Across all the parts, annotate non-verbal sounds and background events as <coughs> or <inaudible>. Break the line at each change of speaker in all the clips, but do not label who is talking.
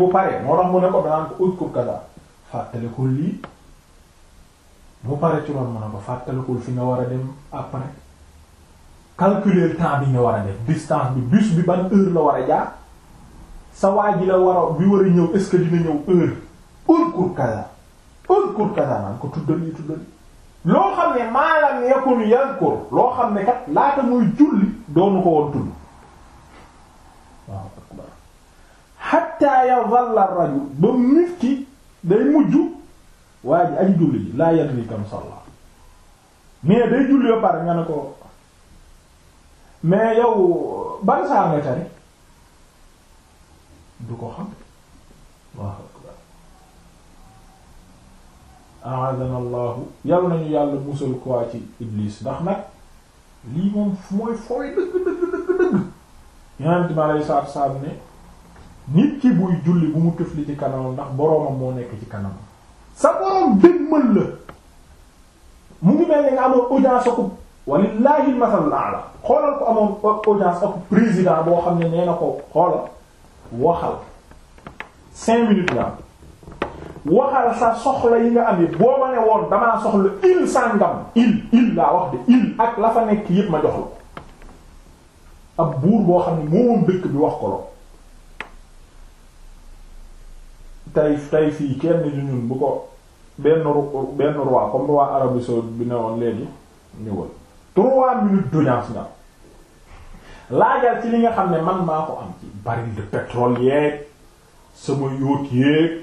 bu paree moo tax mu ne ko danaan ko ut kur kaza fàttalikul lii bu pare ci loolu mu ne ko fàttalikul fi nga war a dem après calculer temps bi nga war a def distance bi bus bi ban heure la war a jaar sa waa ji la war a bi war a ñëw est-ce que dina ñëw heure ut kur kaza ut kur kaza naan ko tuddal yi loo xam ne maalam yakun yankur loo xam ne kat laata muy julli doonu ko woon tudd xatta yazalla rajul ba nit ki day mujj waa ji aji julli ji laa yadri kam salla mais day julli ba pare nga ne ko mais yow ban nga tari du ko xam Allahu akbar a'adana allahu yàlla nañu yàlla musal ko ci ndax nag lii moom mooy fooy dëgg dëgg dëgg dëgg yonent bi alayhi salaatu wa ne nit ci buy julli bu mu tëfli ci kanamam ndax boroomam moo nekk ci kanamam sa boroom dégmal la mu ngi mel ni nga amoon audience aku laa al-masal ala xoolal ko amoon audience aku président boo xam ne nee na ko xoolal waxal cinq minutes nga waxal sa soxla yi nga am yi boo ma ne woon damaa soxla il sàngam il il laa wax de il ak la fa nekk yépp ma jox la ab buur boo xam ne moomoom dëkk bi wax ko la tey tey fii kenn di ñun bu ko benn benn roi comme roi Arabie saoudite bi ne woon léegi ñëwal trois minutes nga laajal ci li nga xam ne man maa ko am ci baril de pétrole yeeg sama yóot yeeg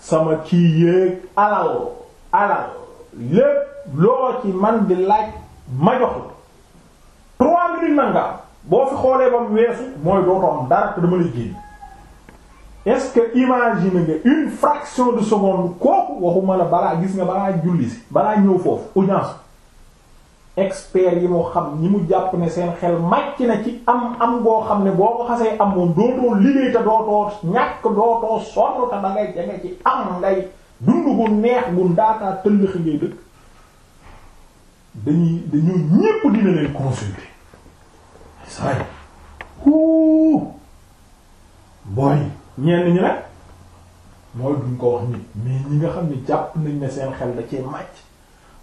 sama kii yeeg alal alal lépp loo ci man di laaj ma jox la trois minutes na nga boo fi xoolee ba mu weesu mooy doo dara te dama lay génn est-ce que imagine nga une de seconde kooku waxuma la balaa gis nga balaa julli si balaa ñëw foofu audience expert yi mu xam ñi mu jàpp ne seen xel màcc na ci am am goo xam ne boo ko xasee am moom liggéey te dootoo ñàkk dootoo sonn te jege ci am ngay dund gu neex gu ndaataa tëllëxi ngay dëkk dañuy ñépp dina leen consulter say ñenn ñi nag mooy duñ ko wax nit mais ñi nga xam ne jàpp nañ ne seen xel da cee màcc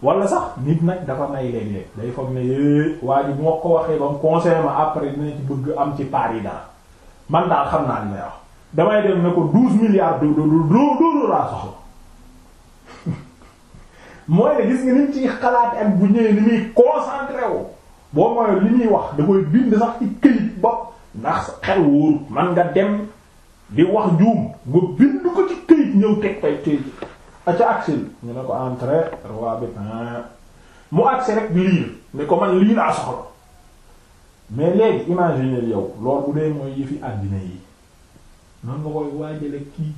wala sax nit nag dafa nay léeg-léeg day foog ne é waa ji moo ko waxee ba mu après dina ci bëgg am ci paar yi dara man daal xam naa ni may damay dem ne ko douze milliards de dollars laa soxla <laughs> mooy ne gis nga ni ci xalaat ak bu ñëwee ni muy concentré woo boo mooy li muy wax da koy bind sax ci këyit ba ndax xel wóorul man nga dem di wax juum nga bind ko ci këyit ñëw teg fay tey a ca agsil ñu ne ko entrée roi bi mu agsi rek bi lii ne ko man lii laa soxla mais léegi imaginer yow loolu bu dee mooy yëfi àddina yi noonu nga koy waajale kii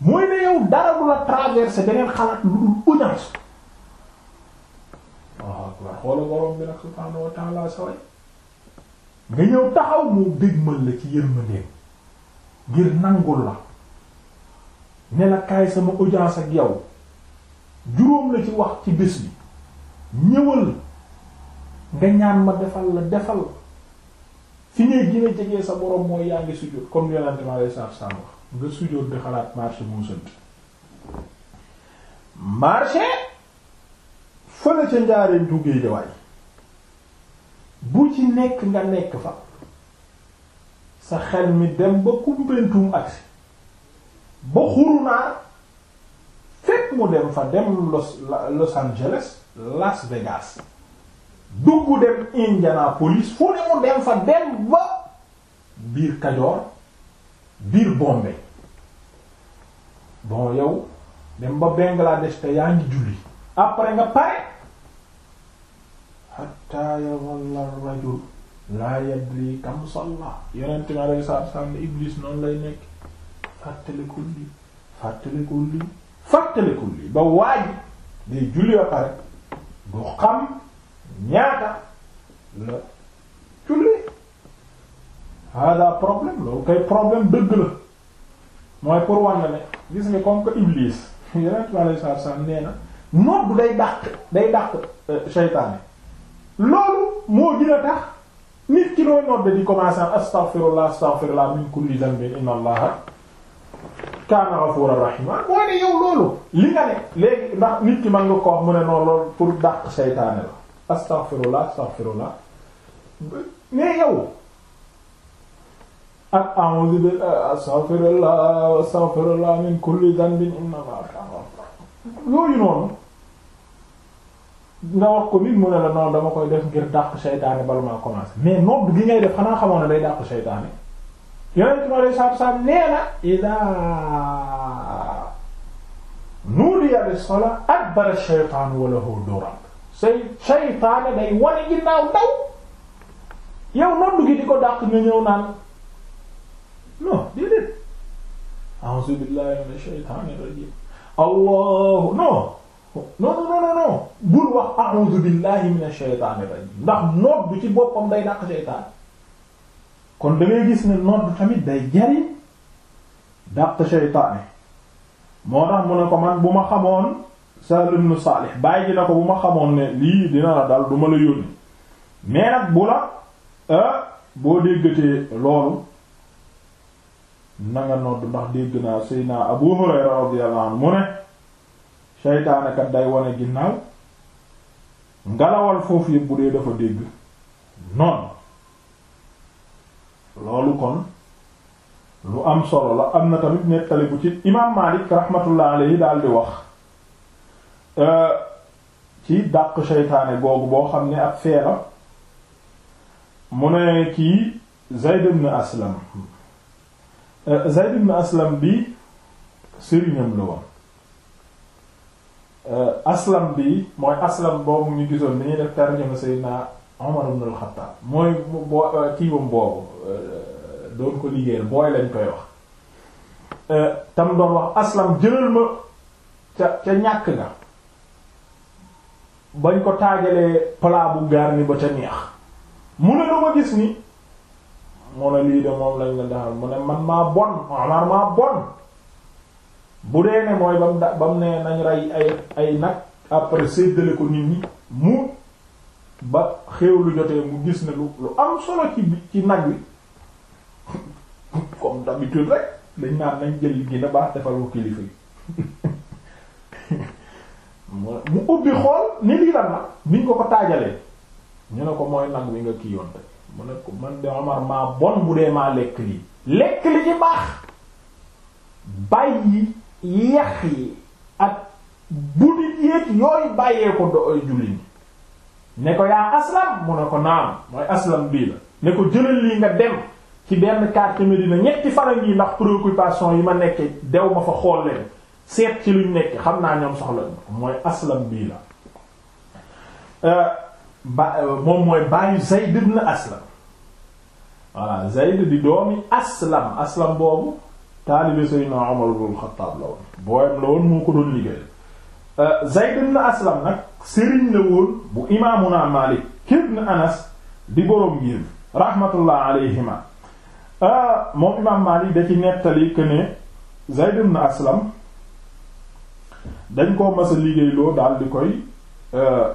mooy ne yow dara du la traversé beneen xalaat lu dul audience waaw waaw xoola borom bi wa ta'ala saway nga ñëw taxaw mu dégmal la ci yërmandeem ngir nangul la ne la kaay sama audience ak yow juróom la ci wax ci bis bi ñëwal nga ñaan ma defal la defal fi ngay gën a jege sa borom mooy yaa ngi sujjóot comme yolante ma lay saaf saaf wax nga sujjóot di xalaat marché mu sant marché fële ca njaareen duggee jawaay bu ci nekk nga nekk fa sa xel mi dem ba kumpentum agsi ba xurunaar fekk mu dem fa dem Los Los Angeles Las Vegas dugg dem Indianapolis fu ne mu dem fa dem ba biir Kajoor biir Bombay bon yow dem ba Bangladesh te yaa ngi julli après nga pare hatta ya walla rajul laa yadri kam salla yonente mi alayhi salaatu salaam ne iblis noonu lay nekk fàttalikul li fàttalikul li fàttalikul li ba waaj day julli ba pare du xam ñaata la julli hada problème loolu kay problème dëgg la mooy pour wan ne gis nga comme que iblis yonente mi alayhi salaatu salaam nee na nodd day dàq day dàq euh, seytaane loolu moo gën a nit ki looy nodde di commencer astaghfirullah astaghfirullah min kulli dhanbin inna allaha kaana ghafuran rahima moo ne yow loolu li nga ne léegi ndax nit ki mën nga ko wax mu ne noonu loolu pour dàq seytaane la astaghfirullah astaghfirullah mais yow ak a'udhu bi astaghfirullah astaghfirullah min kulli dhanbin inna allaha kaana yooyu noonu nga wax ko bi ne la noonu dama koy def ngir dàq seytaane bala maa commencé mais nodd gi ngay def xanaa xamoon ne day dàq seytaane yonent mi alei satu salaam nee na ida nuudiya lis-salaa adbara shaytaan wa lahu duran say seytaane day wane ginnaaw daw yow nodd gi di ko dàq nga ñëw naan non déedéet billaahi minash shaytaanir rajiim allah non non non non bul wax a'udhu billahi minash shaytaanir rajiim ndax nodd bi ci boppam day dàq seytaan kon damay ngay gis ne nodd tamit day jariñ dàq seytaane moo tax mu ne ko man bu ma xamoon Sahl ibn Salih bàyyi ji na ko bu ma xamoon ne lii dina la dal bu ma la yónni mais nag bu la ah, boo déggatee loolu na nga nodd ndax dégg naa Seydina Abu Hurayra radiyallahu mu ne seytaane kat day wane ginnaaw ngalawal foofu yëpp dee dafa dégg noonu loolu kon lu am solo la am na tamit nettali bu ci imaam Maalik rahmatullah alayhi daal di wax euh, ci dàq seytaane googu boo xam ne ab feera mu ne kii Zayd Aslam euh, Zayd Aslam bi sëriñam la woon Euh, aslam bi mooy aslam boobu ñu gisoon ni ñuy def tarjuma Seydina Umar ibn al-Khattab mooy bo euh, kiiwam boobu euh, doon ko liggéeyal booy lañ koy wax tam doon wax aslam jëlal ma ca ñàkk nga bañ ko taajalee plat bu gaar ni ba ca neex mu ne ma gis ni mu ne lii de moom lañ la defal mu ne man maa bon Umar maa bon bu dee ne mooy bam da bam ne nañ rey ay ay nag après séddale ko nit ñi mu ba xéew lu jotee mu gis ne lu lu am solo ci ci nag wi comme d'habitude rek dañ naan nañ jël gi na baax defal kilifa yi <laughs> mu ubbi xool ni lii la nag niñ ko ko taajalee ñu ne ko mooy nag wi nga kii yoon te mu ne ko man de Omar maa bon bu dee maa lekk lii lekk li ci baax bàyyi yax yi ak budit yéeg yooyu bàyyee ko do- julli ne ko yaa aslam mu ne ko naam mooy aslam bii la ne ko jëlal lii nga dem ci benn carte Médina ñetti faran yi ndax préoccupation yi ma nekk dew ma fa xool leen seet ci luñ nekk xam naa ñoom soxla mooy aslam bii la euh, ba euh, moom mooy bàyyi Zayd ibn Aslam voilà Zayd di doomi aslam aslam boobu taalibe Seydina Umar ibn Xattaab la woon booyam la woon moo ko doon liggéey euh, Zayd ibn Aslam nag sëriñ la woon bu imaamuna Maalik ibn Anas di boroom ngir rahmatullah alayhima euh, moom imaam Maalik da ci nettali que ne Zayd ibn Aslam dañ koo mas a liggéeyloo daal di koy euh,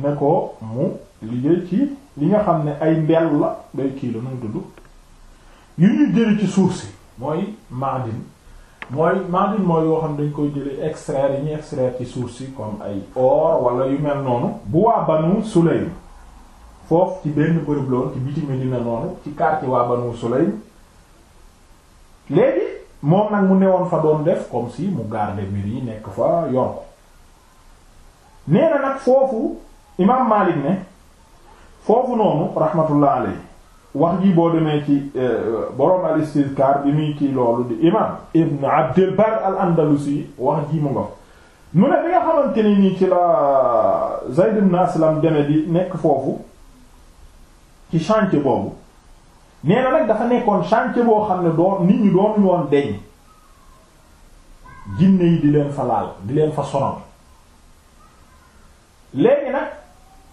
ne ko mu liggéey ci li nga xam ne ay mbell la day kii la nu mu tudd yu ñuy jële ci suuf si mooy maadin mooy maadin mooy yoo xam dañ koy jële extraire yi ñu extraire ci suuf si comme ay or wala yu mel noonu bu waa banu Sulaym foofu ci benn bërëb loon ci biti Medina noonu ci quartier waa banu Sulaym léegi moom nag mu newoon fa doon def comme si mu garder mbir yi nekk fa yor ko nee na nag foofu imaam Maalik ne foofu noonu rahmatullah alayhi wax ji boo demee ci euh, borom al istizkar bi muy kii loolu di imam ibn abdil bar al andalusi wax jii mu nga mu ne bi nga xamante ni nii ci la zayd ibn aslam deme bi nekk foofu ci chantier boobu nee na nag dafa nekkoon chantier boo xam ne doon nit ñi doon woon deñ jinne yi di leen fa laal di leen fa sonal léegi nag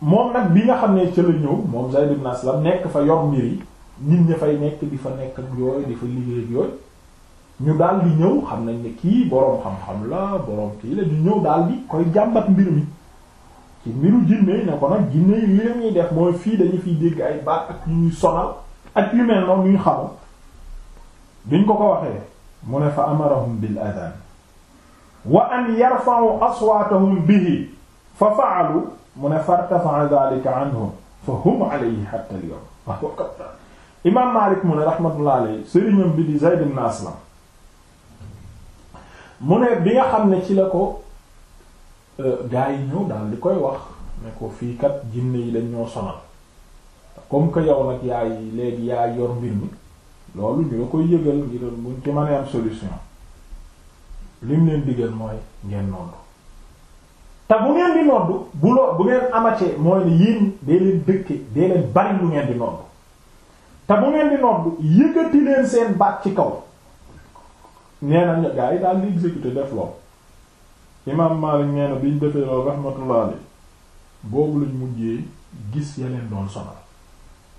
moom nag bi nga xam ne ca la moom Zayd ibn Aslam nekk fa yor mbir yi nit ñi fay nekk di fa nekk yooyu di fa liggéey yooyu ñu daal di ñëw xam nañ ne kii boroom xam-xam la boroom kii la ñu ñëw daal koy jàmbat mbir mi ci mbiru jinne ne ko nag jinne yi li ñuy def mooy fii dañu fi dégg ay baat ak ñuy sonal ak yu mel noonu ñu xamoon biñ ko ko waxee mu ne fa amarahum bil adaan wa an yarfa'u aswaatahum bihi fa fa'alu mu ne fartafa'a dhalika anhum fa hum alayhi hatta al-yawm waaw ah, imaam Maalik mu ne rahmatullah alayhi bi di Zayd ibn mu ne bi nga xam ne ci la ko euh, gaa yi ñëw daal di koy wax ne ko fii kat jinne yi dañ ñoo sonal comme que yow nag yaay léegi yaay yor mbir mi loolu ñu la koy yëgal ngir buñ ci mënee am solution lim leen digal mooy ngeen noonu te bu ngeen di noddu bu loo bu ngeen amate mooy ne yéen dee leen dëkke dee leen bari lu ngeen di noddu te bu ngeen di noddu yëkkati leen seen baat ci kaw nee na gaa yi daal di exécuté def lool imaam Maalik nee biñ defee lool rahmatullah alayhi boobu lañ mujjee gis ya leen doon sonal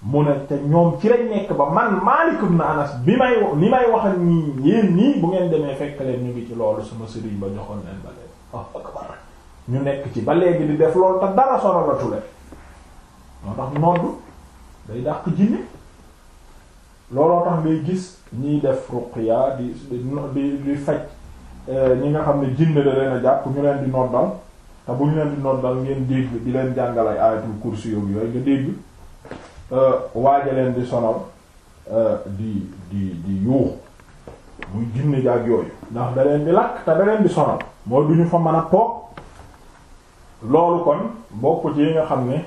mu ne te ñoom ci lañ nekk ba man Maalik ibn Anas bi may ni may wax ak ñii nii bu ngeen demee fekk leen ñu ngi ci loolu sama sëriñ ba joxoon leen ba leen ñu nekk ci ba léegi di def loolu te dara solo la tule moo tax nodd day dàq jinne looloo tax ngay gis ñiy def ruqya di di di faj eh, ñi nga xam ne jinne da leen a jàpp ñu leen di noddal te bu ñu leen di noddal ngeen dégg di leen jàngal ay ayatul kursi yooyu yooyu nga dégg eh, waaja leen di sonal eh, di di di yuux muy jinne jaag yooyu ndax da leen di lakk te da di sonal mooy du ñu fa mën a toog loolu kon bokk yi nga xam ne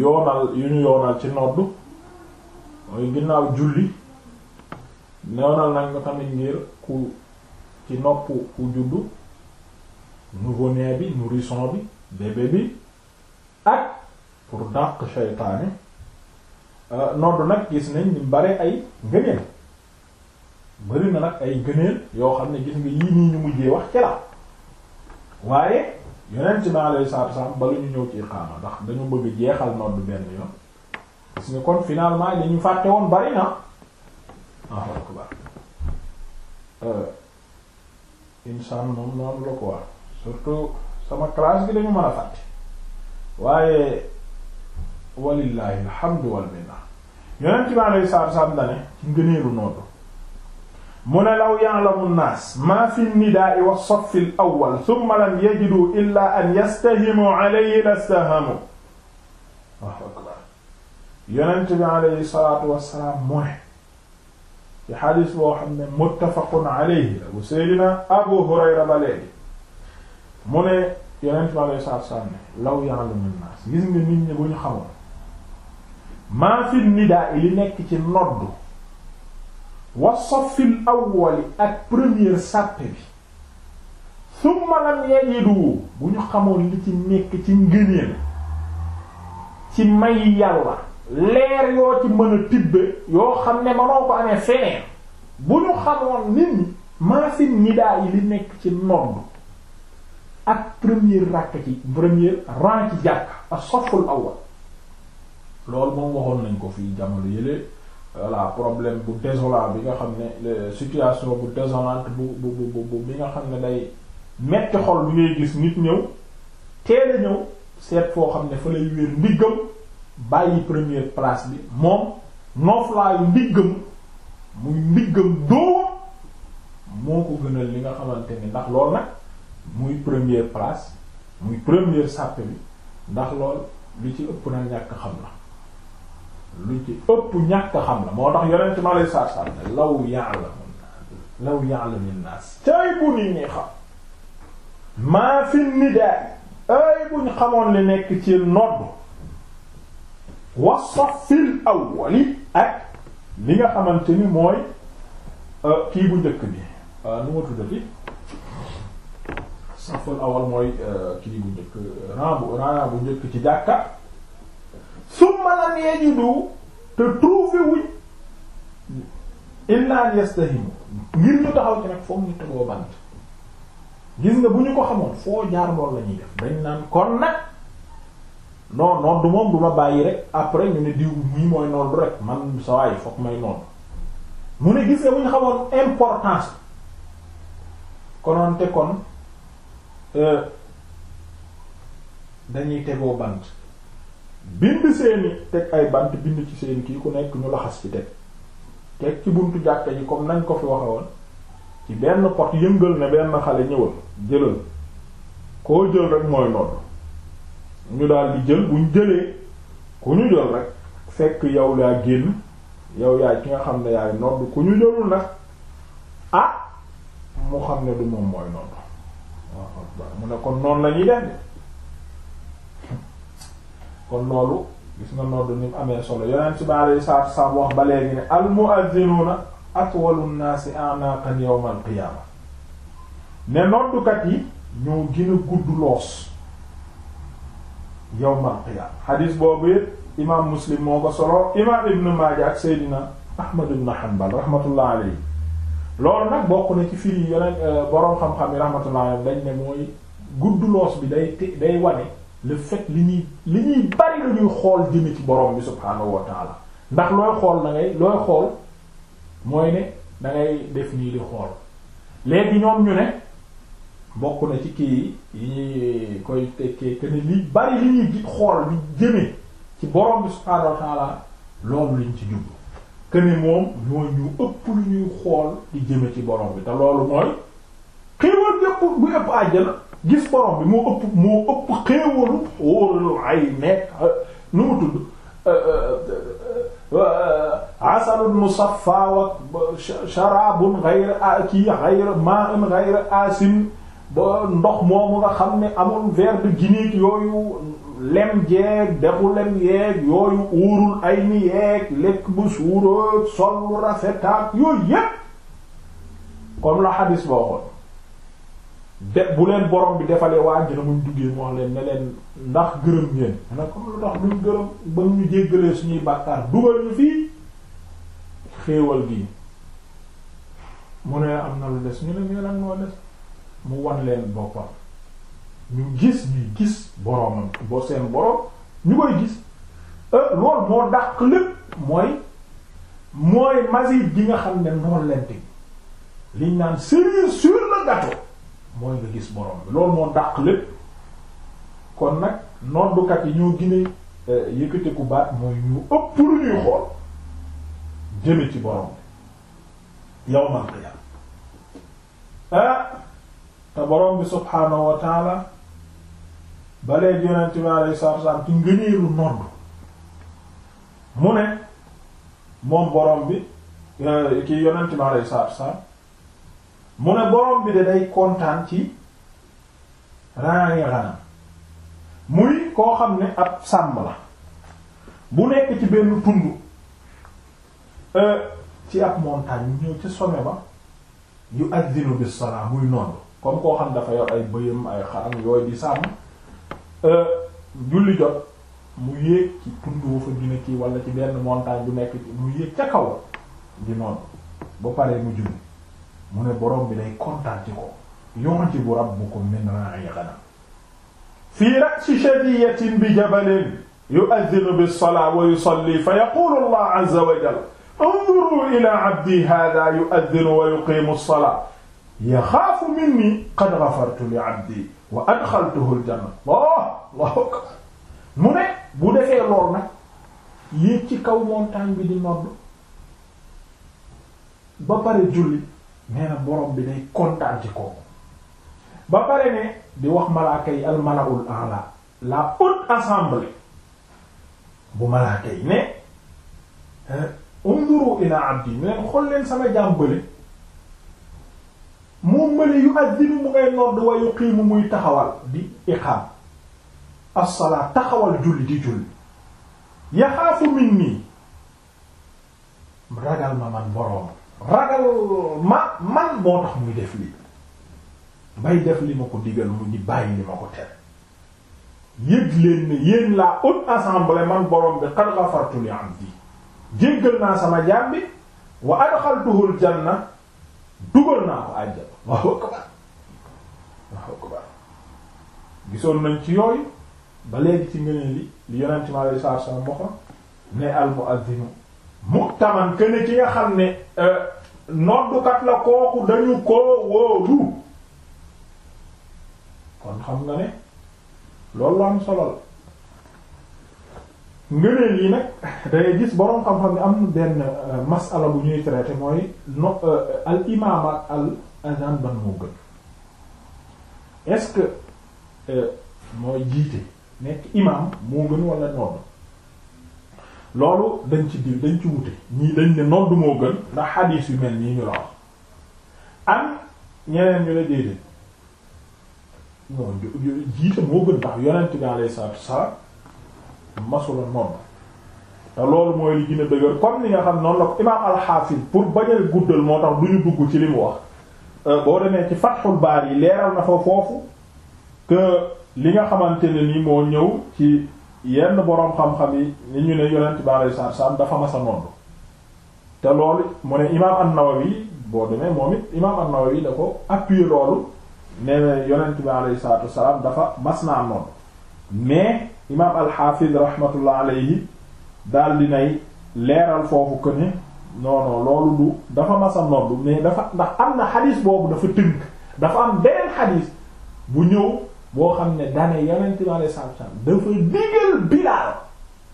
yoonal yu ñu yoonal ci nodd mooy ginnaaw julli yoonal nañ ko tamit ngir ku ci nopp ku juddu nouveau-né bi nourrisson bi bébé bi ak pour dàq seytaane euh, nodd nag gis nañ ni bare ay ngëneel bari na nag ay ngëneel yoo xam ne gis nga yii nii ñu mujjee wax ci waaye yonent bi alayhi salaatu wasalaam ba lu ñu ñëw ci iqaama ndax dañoo bëgg jeexal nodd benn yoon parce que kon finalement li ñu fàtte woon bari na waaw waaw euh, insaan moom noonu la quoi surtout sama classe bi dañu mën a fàtte waaye walillahi alhamdu wal minna yonent bi alayhi salaatu wasalaam da ne ci ngëneelu mu ne law ya'lamu nnaas maa fi nidaa'i wa saffi al-awwal thumma lam yajidu illaa an yastahimu alayhi lastahamu Allahu akbar yonent bi alayhi salaatu wassalaam mu ne ci xadis boo xam ne muttafaqun alayhi la bu Seydina Abu Hurayra ba léegi mu ne yonent bi alayhi salaatu wassalaam ne law ya'lamu nnaas gis nga nit ñi bu ñu xamoon maa fi nidaa'i li nekk ci noddu wa safil awwali ak première sàppe bi summa lam yajidu bu ñu xamoon li ci nekk ci ngëneel ci may yàlla leer yoo ci mën a tibbe yoo xam ne manoo ko amee feneen bu ñu xamoon nit ñi maasin nidaa yi li nekk ci nodd ak premier rakk ci premier rang ci jàkk ak saful awwal loolu moom waxoon nañ ko fii jamono yële voilà problème bu désolant bi nga xam ne situation bu désolante bu bu bu bi nga xam ne day metti xol bi ngay gis nit ñëw teel ñëw seet foo xam ne fa lay wéer ndiggam bàyyi première place bi moom nooflaayu ndiggam muy ndiggam doo moo ko gënal li nga xamante ni ndax lool nag muy première place muy première sàpp bi ndax lool li ci ëpp na ñàkk xam na lu ci ëpp ñàkk xam la moo tax yonent ma lay saar saar ne law ya'lamun law ya'lamun naas tey bu nit ñi xam maa fi nidaay ay buñ xamoon li nekk ci nodd wa safil awwali ak li nga xamante ni mooy euh, kii bu jëkk bi euh, nu ma tuddati safil awwal mooy euh, kii bu njëkk ran bu ran bu njëkk ci jàkka summa lam yajidu te trouvé wuñ illa yastahimu ngir ñu taxaw ci nag foog ñu tegoo bant gis nga bu ñu ko xamoon foo jaar loolu la ñuy def dañ naan kon nag no non du moom du ma bàyyi rek après ñu ne diw mii mooy noonu rek man sa waay foog may noonu mu ne gis nga bu ñu xamoon importance konoon te kon euh, dañuy tegoo bant bind seeni teg ay bant bind ci seen kii ku nekk ñu laxas ci teg teg ci buntu jàkka yi comme nañ ko fi waxe woon ci benn pot yëngal ne benn xale ñëwal jëlal koo jël rek mooy nodd ñu daal di jël buñ jëlee ku ñu jël rek fekk yow yaa génn yow yaay ki nga xam ne yaay nodd ku ñu jëlul na ah mu xam ne du moom mooy nodd mu ne kon noonu lañuy def kon loolu gis nga nodd ni mu amee solo yonent bi alayhi salaatu salaam wax ba léegi ne al mu'adhdhinuuna atwalu nnaasi a'naaqan yawmal qiyaama ne noddukat yi ñoo gën a gudd loos yawmal qiyaama xadiis boobu it imaam muslim moo ko solo imaam ibnu maaja seydina ahmad ibnu hanbal rahmatullah alayhi loolu nag bokk na ci firi yonent eh, boroom xam-xam yi rahmatullah alayhi dañ ne mooy gudd loos bi day day wane le fait li ñuy li ñuy bari la xool jëme ci borom bi subhaanahu wa ndax looy xool da ngay looy xool mooy ne da def nii di xool léegi ñoom ñu ne bokk na ci kii yi ñuy koy tekkee que ne li bari li ñuy xool li jëme ci borom bi subhaanahu wa taala loolu lañ ci jublu que moom ñoo ñu ëpp lu ñuy xool di jëme ci borom bi te loolu mooy xéewal yëpp bu ëpp àjjana gis borom bi moo ëpp moo ëpp xéewalu wóorul ay nekk nu mu tudd euh, euh, euh, asalun musaffa wa sharabun ghayra ah, kii ghayra ma'in ghayra asin ba ndox moomu nga xam ne amul verre de Guinée yooyu lem jeeg dexu lem yeeg yooyu uurul ay ni yeeg lekk bu suuróog sol lu rafet ak yooyu yépp comme la xadis boo xoon de bu leen borom bi defalee waa jëna muñ duggee moo leen ne ndax gërëm ngeen ne comme lu ba ñu jéggalee suñuy bàkkaar dugal fii xéewal gi mu ne moo des mu wan leen boppam ñu gis ñuy gis boromam boo seen borom ñu koy gis euh, loolu moo dàq lépp mooy mooy masir gi nga xam ne noonu leen teg liñ naan cerise sur le gâteau moo mooy nga gis borom bi loolu moo dàq lépp kon nag noddukat yi ñoo gine eh, yëkkate ku baat mooy ñu ëpp lu xool jëme ci borom bi yawmal qiyaam ah te borom bi subhaanahu wa taala balee yonente bi alayhi salaatu wa salaam ci ngëneelu nodd mu ne moom eh, ki yonente bi alayhi salaatu wa mu ne borom bi de day kontaan ci raani xanam muy koo xam ne ab sàmm la bu nekk ci benn tund euh, ci ab montagne ñëw ci sommet ba yu addinu bis salaa muy noonu comme koo xam dafa yor ay bëyam ay xaram yooyu di sàmm euh, julli jot mu yéeg ci tund wu fa gina kii wala ci benn montagne bu nekk mu yéeg ca kaw di noonu ba pare mu julli mu ne borom bi day kontaan ci ko yu'jibu rabbukum min ra'i ghanam fii ra'si shadiyatin bi jabalin yu'adhdhinu bis-salati wa yusalli fa yaqulu Allah 'azza wa jalla unzuru ila 'abdi hadha yu'adhdhinu wa yuqimu as-salata yaxaafu minni qad ghafartu li 'abdi wa adxaltuhu al-janna Allah Allahu akbar mu ne bu defee lool nag yéeg ci kaw montagne bi di nodd ba pare julli nee na borom bi day kontaan kooku ba pare ne di wax malaaka yi al malaul la haute assemblée bu malaaka yi ne eh, unzuru ila abdi ne xool leen sama jàmbale moom mali yu addinu mu ngay nodd wa yuqiimu muy taxawal di iqaam as taxawal julli di julli yaxaafu minni ragal ma man borom ragal ma man moo tax muy def lii bay def li ma ko digal mu ñu bàyyi li ma ko tere yëg leen ne yéen la haute assemblée man borom bi qad ghafartu li abdi jéggal naa sama jaam bi wa adxaltuhu al na dugal naa ko àjjal waaw akbar waaw akbar gisoon nañ ci yooyu ba léegi ci ngëneel li li yonent mi alayhi salaatu wa salaam ne al mu'adhdhinu muhtaman kene ki nga xam ne euh, noddukat la kooku dañu koo wóolu kon xam nga ne loolu am solo la ngëneel yi nag <laughs> day gis boroom xam-xam ne am benn euh, masala bu ñuy traité mooy no euh, al imaam al azan ban moo gën est-ce que mooy jiite nekk imaam moo gën wala nodd loolu dañ ci diw dañ ci wuti ñii dañ ne nodd moo gën ndax xadiis yu mel nii ñu la wax am ñeneen ñu ne déedéet non jiite moo gën ndax yonent bi alayhi salaatu wasalaam masula nodd te loolu mooy li gën a comme ni nga xam noonu la ko imaam alxaafis pour ba a guddal moo tax du dugg ci li mu wax euh, boo demee ci Fathul Baari yi leeral na fa foofu que li nga xamante ne ni moo ñëw ci yenn boroom xam-xam yi ni ñu ne yonent bi alayhi salaatu salaam dafa masa a nodd te loolu mu ne imaam an-Nawawi boo demee moom it imaam an-Nawawi da ko appuyer loolu nee na yonent bi alayhi salaatu salaam dafa mas naa nodd mais imaam al-Hafiz rahmatullah alayhi daal dinay leeral foofu que ne loolu du dafa masa a nodd mais dafa ndax am na xadis boobu dafa tënk dafa am beneen xadis bu ñëw boo xam ne dane yonent bi alei satu salam dafa digal Bilaal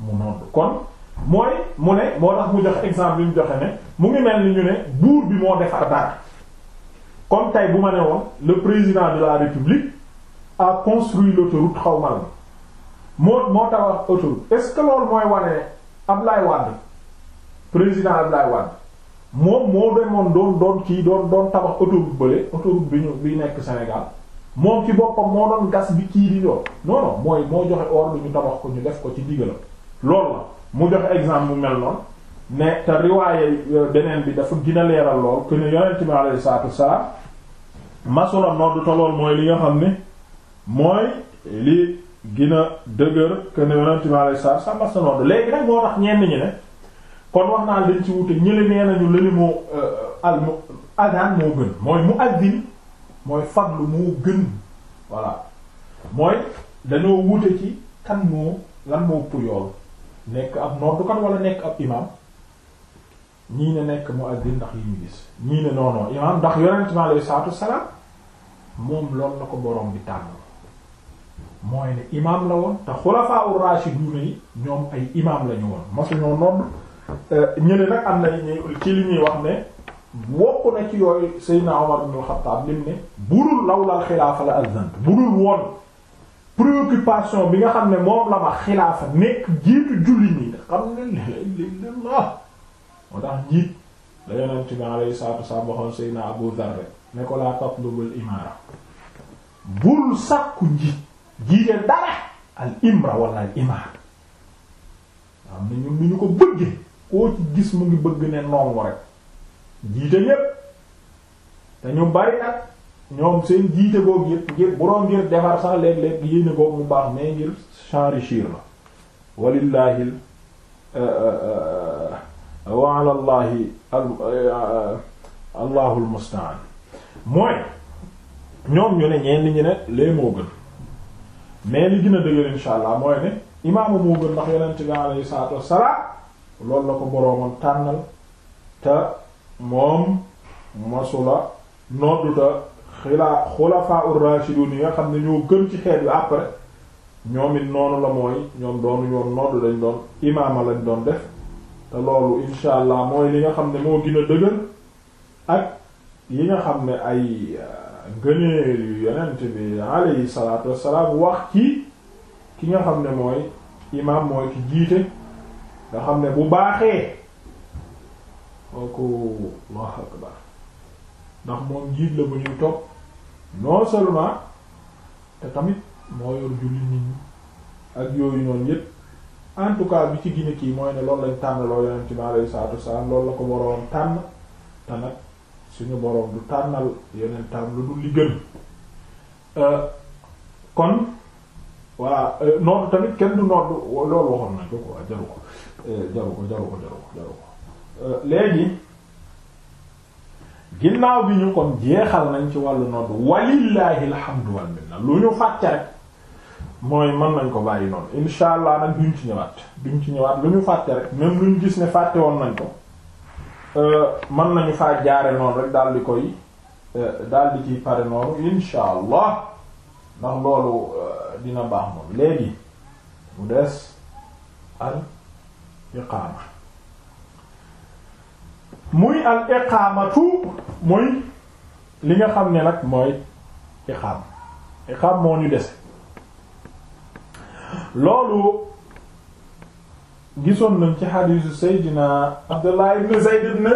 mu nodd kon mooy mu ne moo tax mu jox exemple bi mu joxe ne mu ngi mel ni ñu ne buur bi moo defar dara comme tey bu ma ne woon le président de la République a construit l'autoroute xaw mal bi moo moo tabax autoroute est-ce que loolu mooy wane ne Ablaye Wade président Ablaye Wade moom moo demoon doon doon kii doon doon tabax autoroute bële autoroute bi ñu bi nekk Sénégal moom ci boppam moo doon gas bi kii di yoon non mooy moo joxe ordre ñu tabax ko ñu def ko ci digalam lool la mu joxe exemple mu mel noonu ne te riwaaye euh, beneen bi dafa gën a leeral lool que ne yonent bi alayhi salaatu wassalaam nodd te mooy li nga xam ne mooy li gën a dëgër que ne yonent bi alayhi salaatu wassalaam nodd léegi nag moo tax ñenn ñi ne kon wax naa dañ ci wute ñële nee nañu lële moo euh, al mu adaan moo gën mooy mu addin mooy fadlu moo gën voilà mooy dañoo wute ci kan moo lan moo ëpp yool nekk ab noddukat wala nekk ab imam ñii ne nekk muaddin ndax yi ñu gis ñii ne non non ndax yonent mi alayhi salaatu wassalaam moom loolu la ko borom bi tànn mooy ne imam la woon te xulafaa ur rashidun yi ñoom ay imam la ñu woon mosuñoo nodd euh, ñeneen nag am na ci li ñuy wax ne bokk na ci yooyu Seydina Omar ibn Khattab lim ne budul lawlal xilaafa la azant budul woon préoccupation bi nga xam ne moom la ma xilaafa nekk jiitu julli ñi nga xam ne lillah moo tax jiit la yonent bi alayhi salaatu wasallam waxoon Seydina Abu Dharr ne ko laa tatlubul imaara bul sàkku njiit jiite dara al imra wala al imaara am na ñun ni ñu ko bëgge koo ci gis mu ngi bëgg ne noonu rek jiite ñépp te ñu bari nag ñoom seen jiite googu ngir bu doon ngir defar sax léeg mu baax mais ngir s'enrichir la walillahi euh, euh, euh, wa ala allahu almustaan mooy ñoom ñu ne ñeen ñu ne lee moo gën mais li gën a dëgër insha allah mooy ne imaamu moo gën ndax yonent bi alayhi salaatu wassalaam loolu la ko boroomam tànnal te moom masula nodduta xilaa xulafaa ur-rashidun yi nga xam ne ñoo gën ci xeet yu après ñoom it noonu la mooy ñoom doonu ñoon noddu dañ doon imaama lañ doon def te loolu insha allah mooy li nga xam ne moo gën a dëgër ak yi nga xam ne ay euh, ngëneel yu yonent bi alayhi salaatu wassalaam wax ci ki nga xam ne mooy imaam mooy ki jiite nga xam ne bu baaxee kooku Allahu akbar ndax moom njiit la bu ñuy topp non seulement te tamit moo yor jullit nit ñi ak yooyu noonu yépp en tout cas bi ci gine kii mooy ne loolu lañ tànn loo yonent bi alayhi salaatu wasalaam loolu la ko boroom tànn te nag suñu boroom du tànnal yeneen tànn lu dul li euh, kon waa euh, noonu tamit kenn du nodd loolu waxoon nañ ko quoi jaru ko euh, jaru ko jaru ko jaru ko jaru ko léegi ginnaaw bi ñu kon jeexal nañ ci wàllu nodd walillahi alhamdu wal minna lu ñu fàtte rek mooy mën nañ ko bàyyi noonu insha allah nag duñ ci ñëwaat duñ ci ñëwaat lu ñu fàtte rek même lu ñu gis ne fàtte woon nañ ko euh, mën nañu faa jaare noonu rek daal di koy euh, daal di ciy pare noonu insha allah ndax loolu euh, dina baax moom léegi mu des al iqaama muy al iqaamatu muy li nga xam ne nag mooy iqaam iqaam moo ñu dese loolu gisoon nañ ci xadiisu Seydina Abdullah ibn Zayd ibn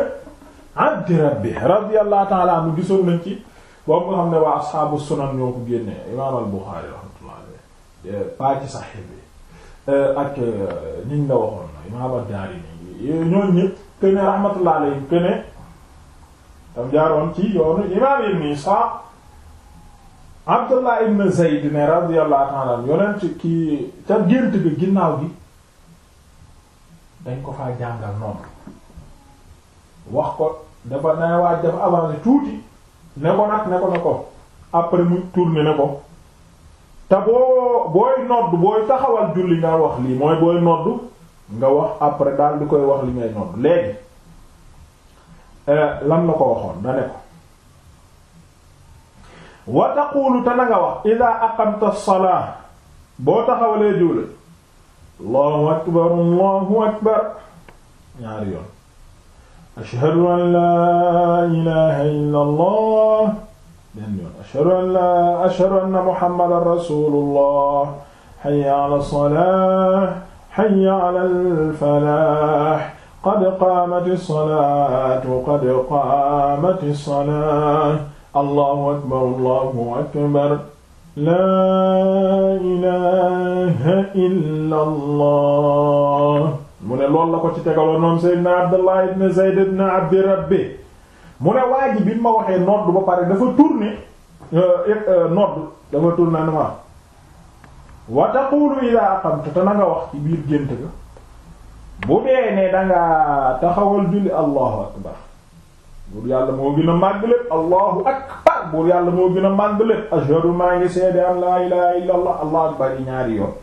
Abdi Rabbi radiyallahu ta'ala anhu gisoon nañ ci boobu nga xam ne waa ashaabu sunan ñoo ko génnee imaam al Buxaari rahmatullahi alayhi paa ci saxiix ak niñ la waxoon imaam ad-Daarimi ñooñu ñépp këne rahmatullah alayhi këne dam jaaroon ci yoonu imaam ibn Isaaq Abdullah ibn Zayd ne radiyallahu ta'ala anhu ki ca gént gi ginnaaw gi dañ ko faa jàngal noonu wax ko dafa na waaj dafa avancé tuuti ne ko nag ne ko ne ko après mu tourné ne ko te boo booy nodd booy taxawal julli nga wax lii mooy booy nodd nga wax après daal di koy wax li ngay nodd léegi euh, lan la ko waxoon da ne ko wa taqulu te na nga wax ida aqamta salaa boo taxawalee juule allahu akbar allahu akbar ñaari yoon ashhadu an la ilaha illa allah benn yoon ashhadu an la ashhadu anna muhammadan rasulullah hayya ala salah hayya alal falaah qad qaamati salaatu qad qaamati salaah allahu akbar allahu akbar laa ilaaha illa allah mu ne loolu la ko ci tegaloon moom Seydina Abdallah ibn Zayd ibn Abdi Rabbi mu ne waa ji bi ma waxee nodd ba pare dafa tourner euh, euh, nodd dafa tourner wa taqulu ila aqamta te na wax ci biir gént ga bu dee ne dangaa taxawal julli allahu akbar buur yàlla moo gën a màgg lépp allahu akbar buur yàlla moo gën a màgg lépp ashhadu maa ngi seede an laa ilaha illa allah allahu akbar yi ñaari yoon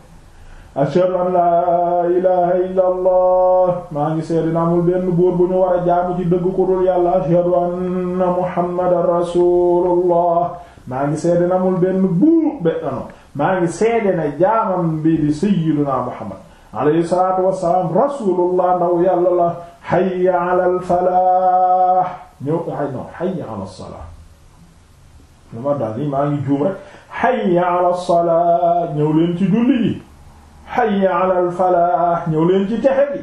ashhadu an laa ilaha illa allah maa ngi seede na benn buur bu ñu war a jaamu ci dëgg ku yàlla ashhadu anna muhammadan rasulullah maa ngi seede na benn buur be ano ah, maa ngi seede ne jaamam bi di sayyiduna muhammad alayhi salaatu wassalaam rasulullah ndaw yàlla la hayya ala al-falaah ñëw ay non hayya ala as-salaah lu ma daal li maa ngi juum rek hayya ala as-salaah ñëw leen ci julli ji hayya ala al-falaah ñëw leen ci texe bi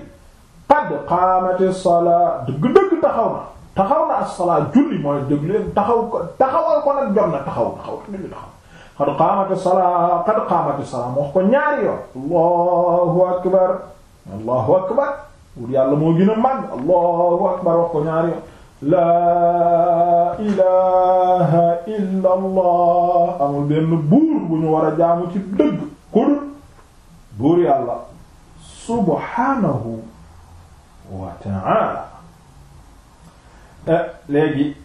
qad qaamati as-salaah dëgg-dëgg taxaw na taxaw na as-salaah julli mooy dëgg leen taxaw ko taxawal ko nag jot na taxaw taxaw taxaw qad qaamati salaa qad qaamati salaa mu wax ko ñaari yoon allahu akbar allahu akbar wut yàlla moo gën a màgg allahu akbar wax ko ñaari yoon laa ilaha illa allah amul benn buur bu ñu war a jaamu ci dëgg ku dul buur yàlla subhanahu wa ta'ala eh, léegi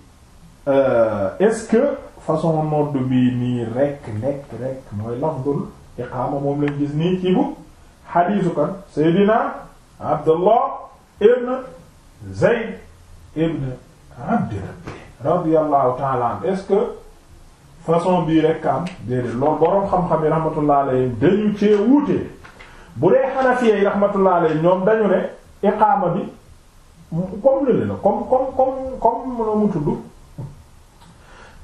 eh, est-ce que façon nodd bi nii rek nekk rek mooy lafdul iqaama moom lañ gis nii ci bu xadiisu kan Seydina Abdullah ibn Zayd ibn Abdi Rabbi radiyallahu ta'ala anhu que façon bii rek am déedéet loolu boroom xam-xam yi rahmatullah alayhi dañu cee wuute bu dee xanafiyey rahmatullah alayhi ñoom dañu ne iqaama bi comme lële la comme comme comme comme nu mu tudd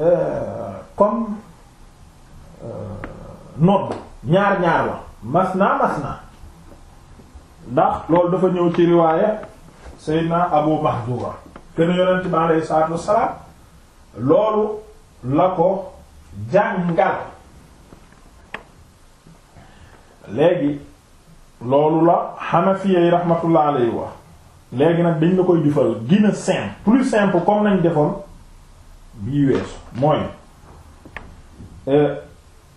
Euh, comme euh, nodd ñaar ñaar la masna masna ndax loolu dafa ñëw ci riwaaya Seydina Abu Mahdura kenn yonent bi alayhi salaatu wassalaam loolu la ko jàngal léegi loolu la Hanafiya yi rahmatullah alayhi wa léegi nag dañ la koy jufal gina simple plus simple comme nañ defoon bii weesu mooy euh,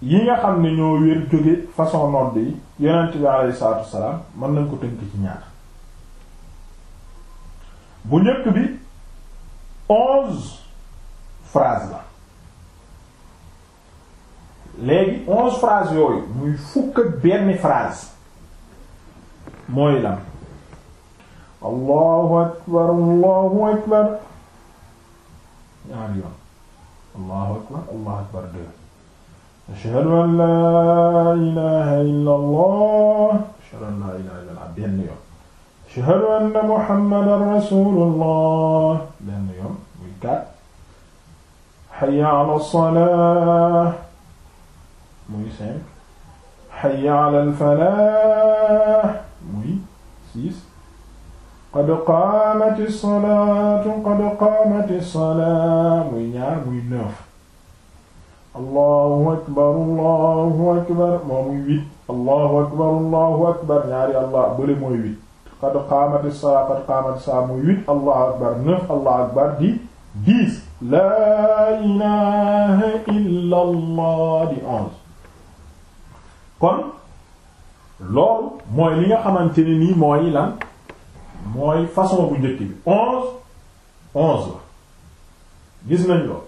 yi nga xam ne ñoo wér jóge façon nodd yi yonent bi alayhi salaatu wassalaam mën nañ ko tënk ci ñaar bu njëkk bi onze phrase la léegi onze phrase yooyu muy fukk ak benn phrase mooy lan allahu akbar allahu akbar ñaari yoon allahu akbar allahu akbar deux ashhadu an laa ilaha illa allah ashhadu an laa ilaha illa allah benn yoon ashhadu anna muhammadan rasulullah benn yoon muy quatre hayya ala salaah muy cinq hayya ala al falah muy six qad qaamati salaatu qad qaamati salaat muy ñaar muy neuf allahu akbar allahu akbar moo muy huit allahu akbar allahu akbar ñaari allah bële mooy huit qad qaamati salaat qad qaamati salaat muy huit allahu akbar neuf allahu akbar di dix laa ilaha illa allah di onze kon loolu mooy li nga xamante ne nii mooy lan mooy façon bu njëkk bi onze onze la gis nañ lool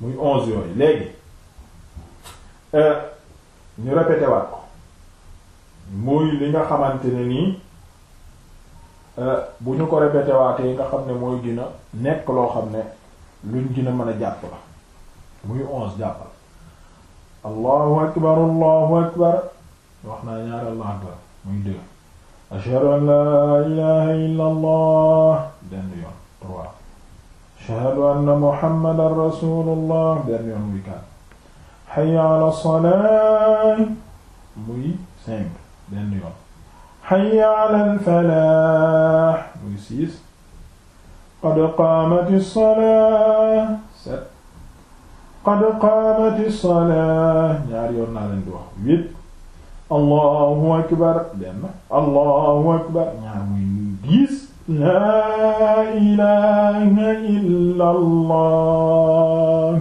muy onze yooyu léegi euh, ñu répété waat ko muy li nga xamante ne nii euh, bu ñu ko répété yi nga xam ne mooy gina nekk loo xam ne luñ gën a mën a jàpp la muy onze jàppal allahu akbar allahu akbar wax naa ñaari allahu akbar muy deux ashhadu an laa ilaha illa allah benn yoon trois ashhadu anna muhammadan rasulullah benn yoon muy quatre hayya ala salaah muy cinq benn yoon hayya ala falaah muy six qad qaamati salaah sept qad qaamati salaah ñaari yoon naa leen di wax huit allahu akbar benn allahu akbar ñaar muy diis laa ilaha illa allah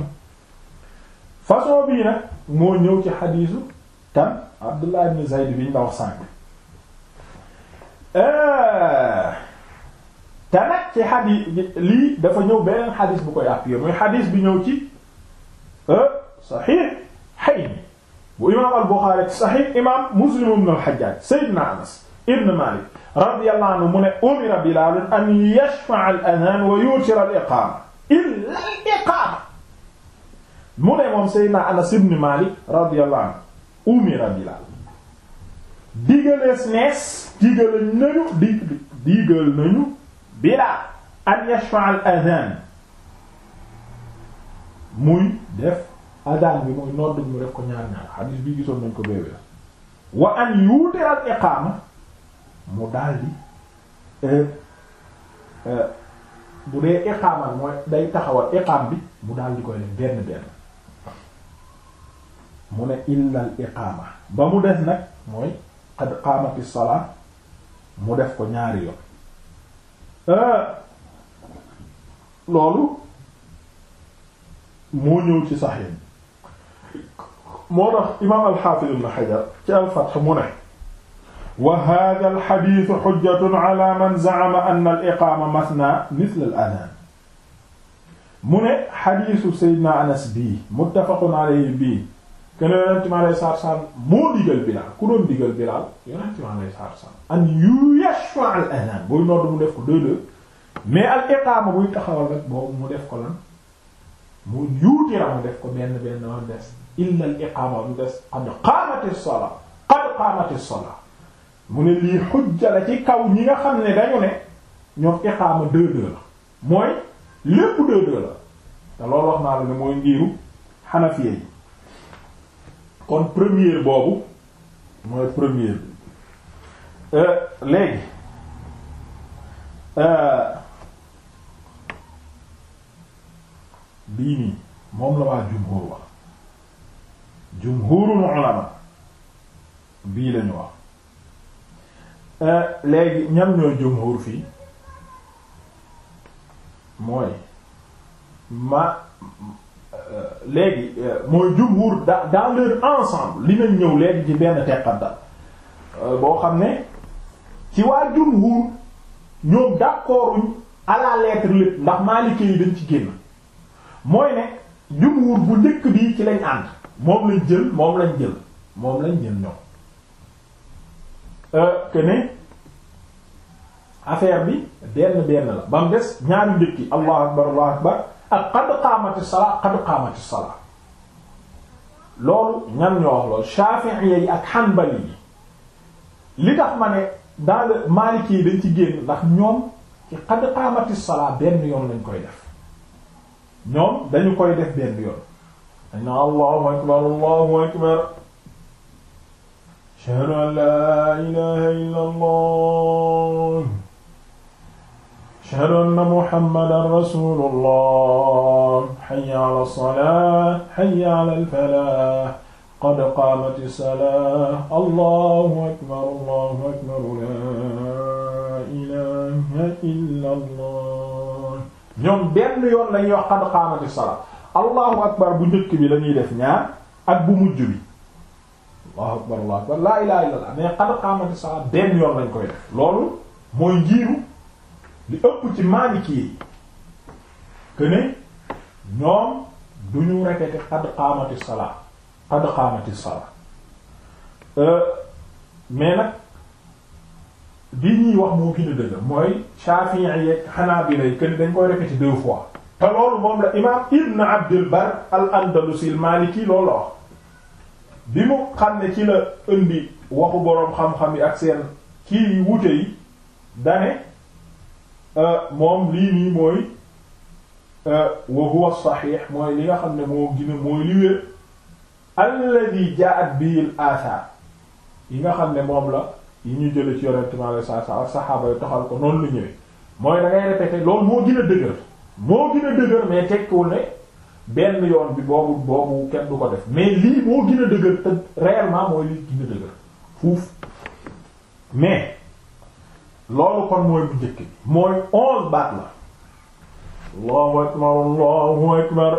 façon bii nag moo ñëw ci xadiisu kan abdullah ibn zayd biñ la wax sànq euh, te nag ci xadiis lii dafa ñëw beneen xadiis bu koy appuyer mooy xadiis bi ñëw ci euh, saxiix xay bu imaam al-Buxaari saxiix imaam Muslim ibn al-Hajjaaj Seydina Anas ibn Maalik radiyallahu anhu mu ne umira Bilaal an yashfa'a al-adhaan wa yuutira al-iqaama illa al-iqaama mu ne moom Seydina Anas ibn Maalik radiyallahu anhu umira Bilaal digalees nees digal nañu dig digal nañu Bilaal an yashfa'a al-adhaan muy def adaan bi mooy nodd bi mu def ko ñaar ñaar xadiis bi gisoon nañ ko béebée wa an yuutiral iqaama mu daldi euh, euh, bu dee iqaamal mooy day taxawal iqaam bi mu daldi koy leen benn benn mu ne illal iqaama ba mu des nag mooy qad qaamati salaa mu def ko ñaari yoon euh, loolu moo ñëw ci saxiix moo tax imaam alxaafid ibn xajar ci alfath mu ne wa hada alxaditu xujjatun ala man zacama anna aliqaama masna misle al adaan mu ne xadisu saydna anas bii muttafaqun alayhi bii kene yonente mi alei satu salaam moo digal bilaal ku doon digal bilaal yonente mi alei satu salaam an yashfa al adaan buy nodd mu def ko deux deux mais al iqaama buy taxawal rek boobu mu def ko lan mu yuutira mu def ko benn benn ma des illa al iqama du des qad qaamati salaa mu ne lii xujja la ci kaw ñi nga xam ne dañu ne ñoom iqaama deux deux la mooy lépp deux te loolu wax naa ne mooy ngiiru xanafiya yi kon première boobu mooy première bi euh, léegi euh, bii nii moom la waa jumhur wax jumhurul ulama bii lañu wax euh, léegi ñam ñooy jumhur fii mooy ma euh, léegi euh, mooy jumhur da dans leur ensemble li nañ ñëw léegi ci benn teqat dal boo xam ne ci waa jumhur ñoom d'accorduñ à la lettre ndax maalikee yi dañ ci génn mooy ne jumhur bu njëkk bii ci lañ ànd moom lañ jël moom lañ jël moom lañ jël ñoom euh, que ne affaire bi benn benn la ba mu des ñaari njëkk yi allahu akbar allahu akbar ak qad qaamati salaa qad qaamati salaa loolu ñan ñoo wax loolu Shafi'i yi ak Hanbali yi li tax ma ne daal Maliki dañ ci génn ndax ñoom ci qad qaamati salaa benn yoon lañ koy def. ñoom dañu koy def benn yoon dañ na allahu akbar allahu akbar ashhadu an la ilaha illa allah ashhadu anna muhammadan rasulullah hayya ala salah hayya ala alfalah qad qaamat as-salaah allahu akbar allahu akbar la ilaha illa allah ñoom benn yoon lañuy wax xad xaamati salaa allahu akbar bu njëkk bi lañuy def ñaar ak bu mujj bi allahu akbar allahu akbar laa ilaha illallah mais xad xaamati salaa benn yoon lañ koy def loolu mooy njiiru li ëpp ci Maliki yi que ne ñoom du ñu répété xad xaamati salaa xad xaamati salaa euh, mais nag bi ñuy wax moo gën a mooy Shafi'i yeeg yi ken dañ koy répété deux fois te loolu moom la imam Ibn Abdul al-Andalusi al-Maliki loolu bi mu xam ne ci la indi waxu boroom xam-xam yi ak seen ci wute dane euh, moom lii nii mooy euh, wa huwa saxiix mooy li nga xam ne moo gën a mooy li wér alladi jaat bihi al-athar yi nga xam ne moom la yi ñu jële ci yonent mi alayhi salaatu wa salaam saxaaba yi toxal ko moo gën a dëgër moo gën dëgër mais tekkiwul ne benn yoon bi boobu boobu kenn ko def mais lii moo gën dëgër te réellement mooy lii gën dëgër fuuf mais loolu kon mooy bu njëkk mooy onze baat la allahu akbar allahu akbar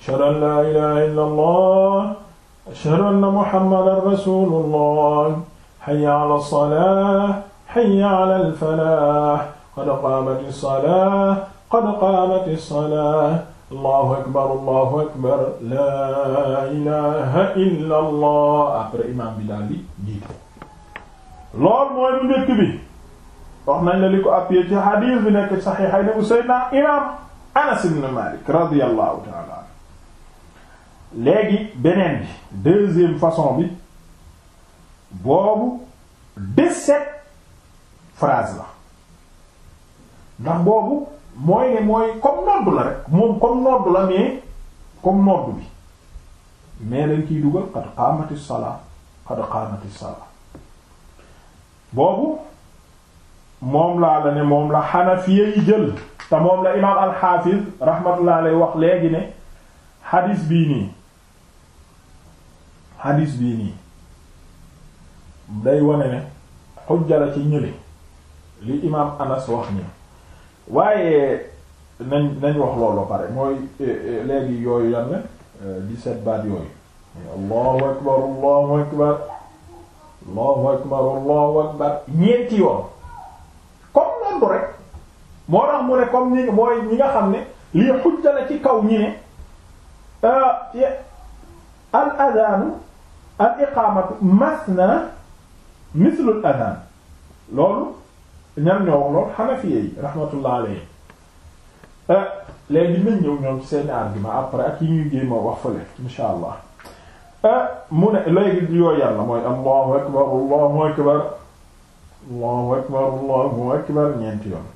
ashhadu an la ilaha illa allah ashhadu anna muhammadan hayya ala salaah hayya ala alfalaah qad qaamati salaah qad qaamati salaah allahu akbar allahu akbar laa ilaha illa allah après imam bi daal di jiite lool mooy lu njëkk bi wax nañ la li ko appuyé ci hadith bi nekk saxiixay bu sayyidina imam Anas ibn Malik radiyallahu ta'ala anhu léegi beneen bi deuxième façon bi boobu dix phrase la ndax boobu mooy ne mooy comme nodd la rek moom comme nodd la mais comme nodd bi mais dañ kiy dugal qad qaamati salaa qad qaamati salaa boobu moom laa la ne moom la xanafiya yi jël te moom la imaam alxaafiz laa lay wax léegi ne xadiis bii nii xadiis bii nii day wane ne ci ñëli li imaam anas wax nii waaye nañ nañ wax pare mooy eh, eh, léegi yooyu yan la eh, dix-sept baat yooyu allahu akbar allahu akbar allahu akbar allahu akbar ñeenti yoon comme nondu rek moo tax mu ne comme ni mooy ñi nga xam ne lii xujja la ci kaw ñi ne al adanu masna mislul adhan loolu ñan ñoo wax loolu xanafiye rahmatullah alayhi euh, léegi dinañ ñëw ñoom seeni argument après ak yi ñuy géema wax fële insha allah euh, mu ne léegi yooyu mooy allahu akbar allahu akbar allahu akbar allahu akbar ñeenti yoon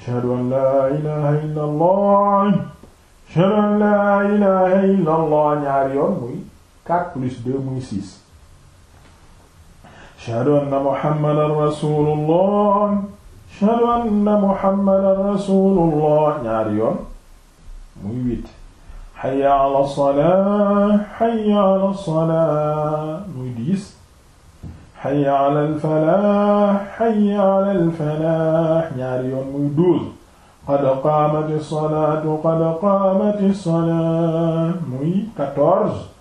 ashhadu an la ilaha illa allah an la ilaha illa ñaari yoon muy 4 plus muy 6 ashhadu anna muhammadan rasulullah ashhadu anna muhammadan rasulullah ñaari yoon muy huit hayya ala salaa hayya ala salaa muy dix hayya ala al-falaah hayya ala al-falaah ñaari yoon muy douze qad qaamati salaatu qad qaamati salaatu muy quatorze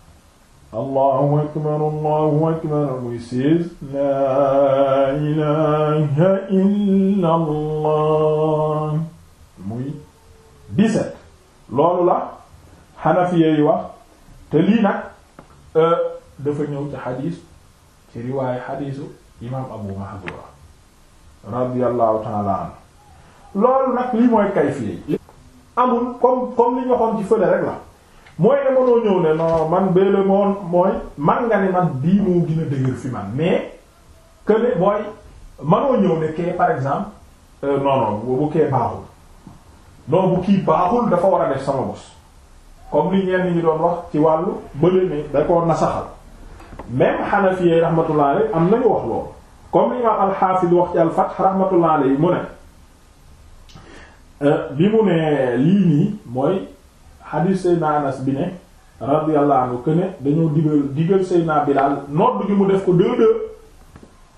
allahu akbar allahu akbar muy siis laa ilaha muy dix loolu la xanafiya yi wax te lii nag euh, dafa ñëw ci xadiis ci riwaaye xadiisu imaam abu mahdura radiallahu taala anhu loolu nag lii mooy kayfiya yi amul comme comme li ñu waxoon ci la mooy ne mënoo ñëw ne non man bële moom mooy man nga ne man bii moo gën a dëgër fi man mais que ne booy mënoo ne kee par exemple euh, non non bu kee baaxul non bu kii baaxul dafa war a def sama bos comme li ñenn ñi doon wax ci wàllu bële ne da koo nasaxal même Hanafi yi rahmatullah alayhi am nañu wax loolu comme li ma al-Hafiz wax ci al-Fath rahmatullah mu ne euh, bi mu ne lii nii mooy. xadiis Seydina Anas bi ne radiyallahu anhu këne dañoo digal digal Seydina Bilaal nodd gi mu def ko deux deux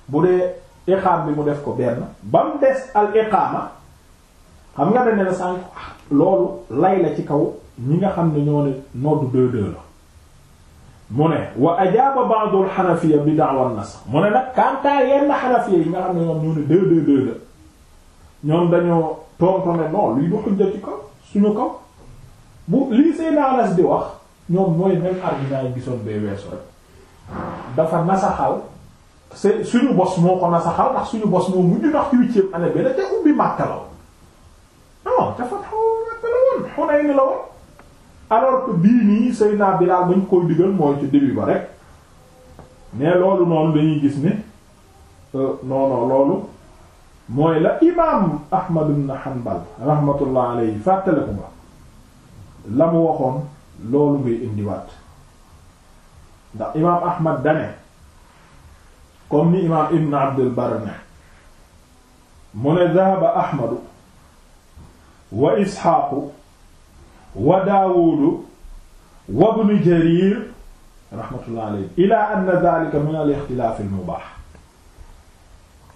bu dee iqaam bi mu def ko benn ba mu des al iqaama xam nga dañ ne la sànq loolu lay la ci kaw ñi nga xam ne ñoo ne nodd deux deux la mu ne wa ajaaba ba'du al xanafiya bi da'wa nasx mu ne nag kantaa yenn xanafiya yi nga xam ne ñoom ñoo ne deux deux deux la ñoom dañoo tontu ne non luy du xujjati ko suñu kaw bu lii Seydina Anas di wax ñoom mooy même argument yi gisoon bay weesu rek dafa nasaxal c'est suñu bos moo ko nasaxal ndax suñu bos moo mujj ndax huitième année bi la te ubbi Makka la woon non dafa xaw a la bii nii Seydina Bilaal ba ñu koy digal mooy ci début ba rek mais loolu noonu dañuy gis ni euh, non non loolu mooy la imaam Ahmad ibn Hanbal rahmatullah alayhi fàttaliku la mu waxoon loolu ngay indiwaat ndax imaam ahmad dane comme ni imaam ibn abdul bar mu ne dahaba ahmadu wa isxaaqu wa daawudu wa ibnu jarir rahmatullah alayhi ila anna dhalika min al-ikhtilaf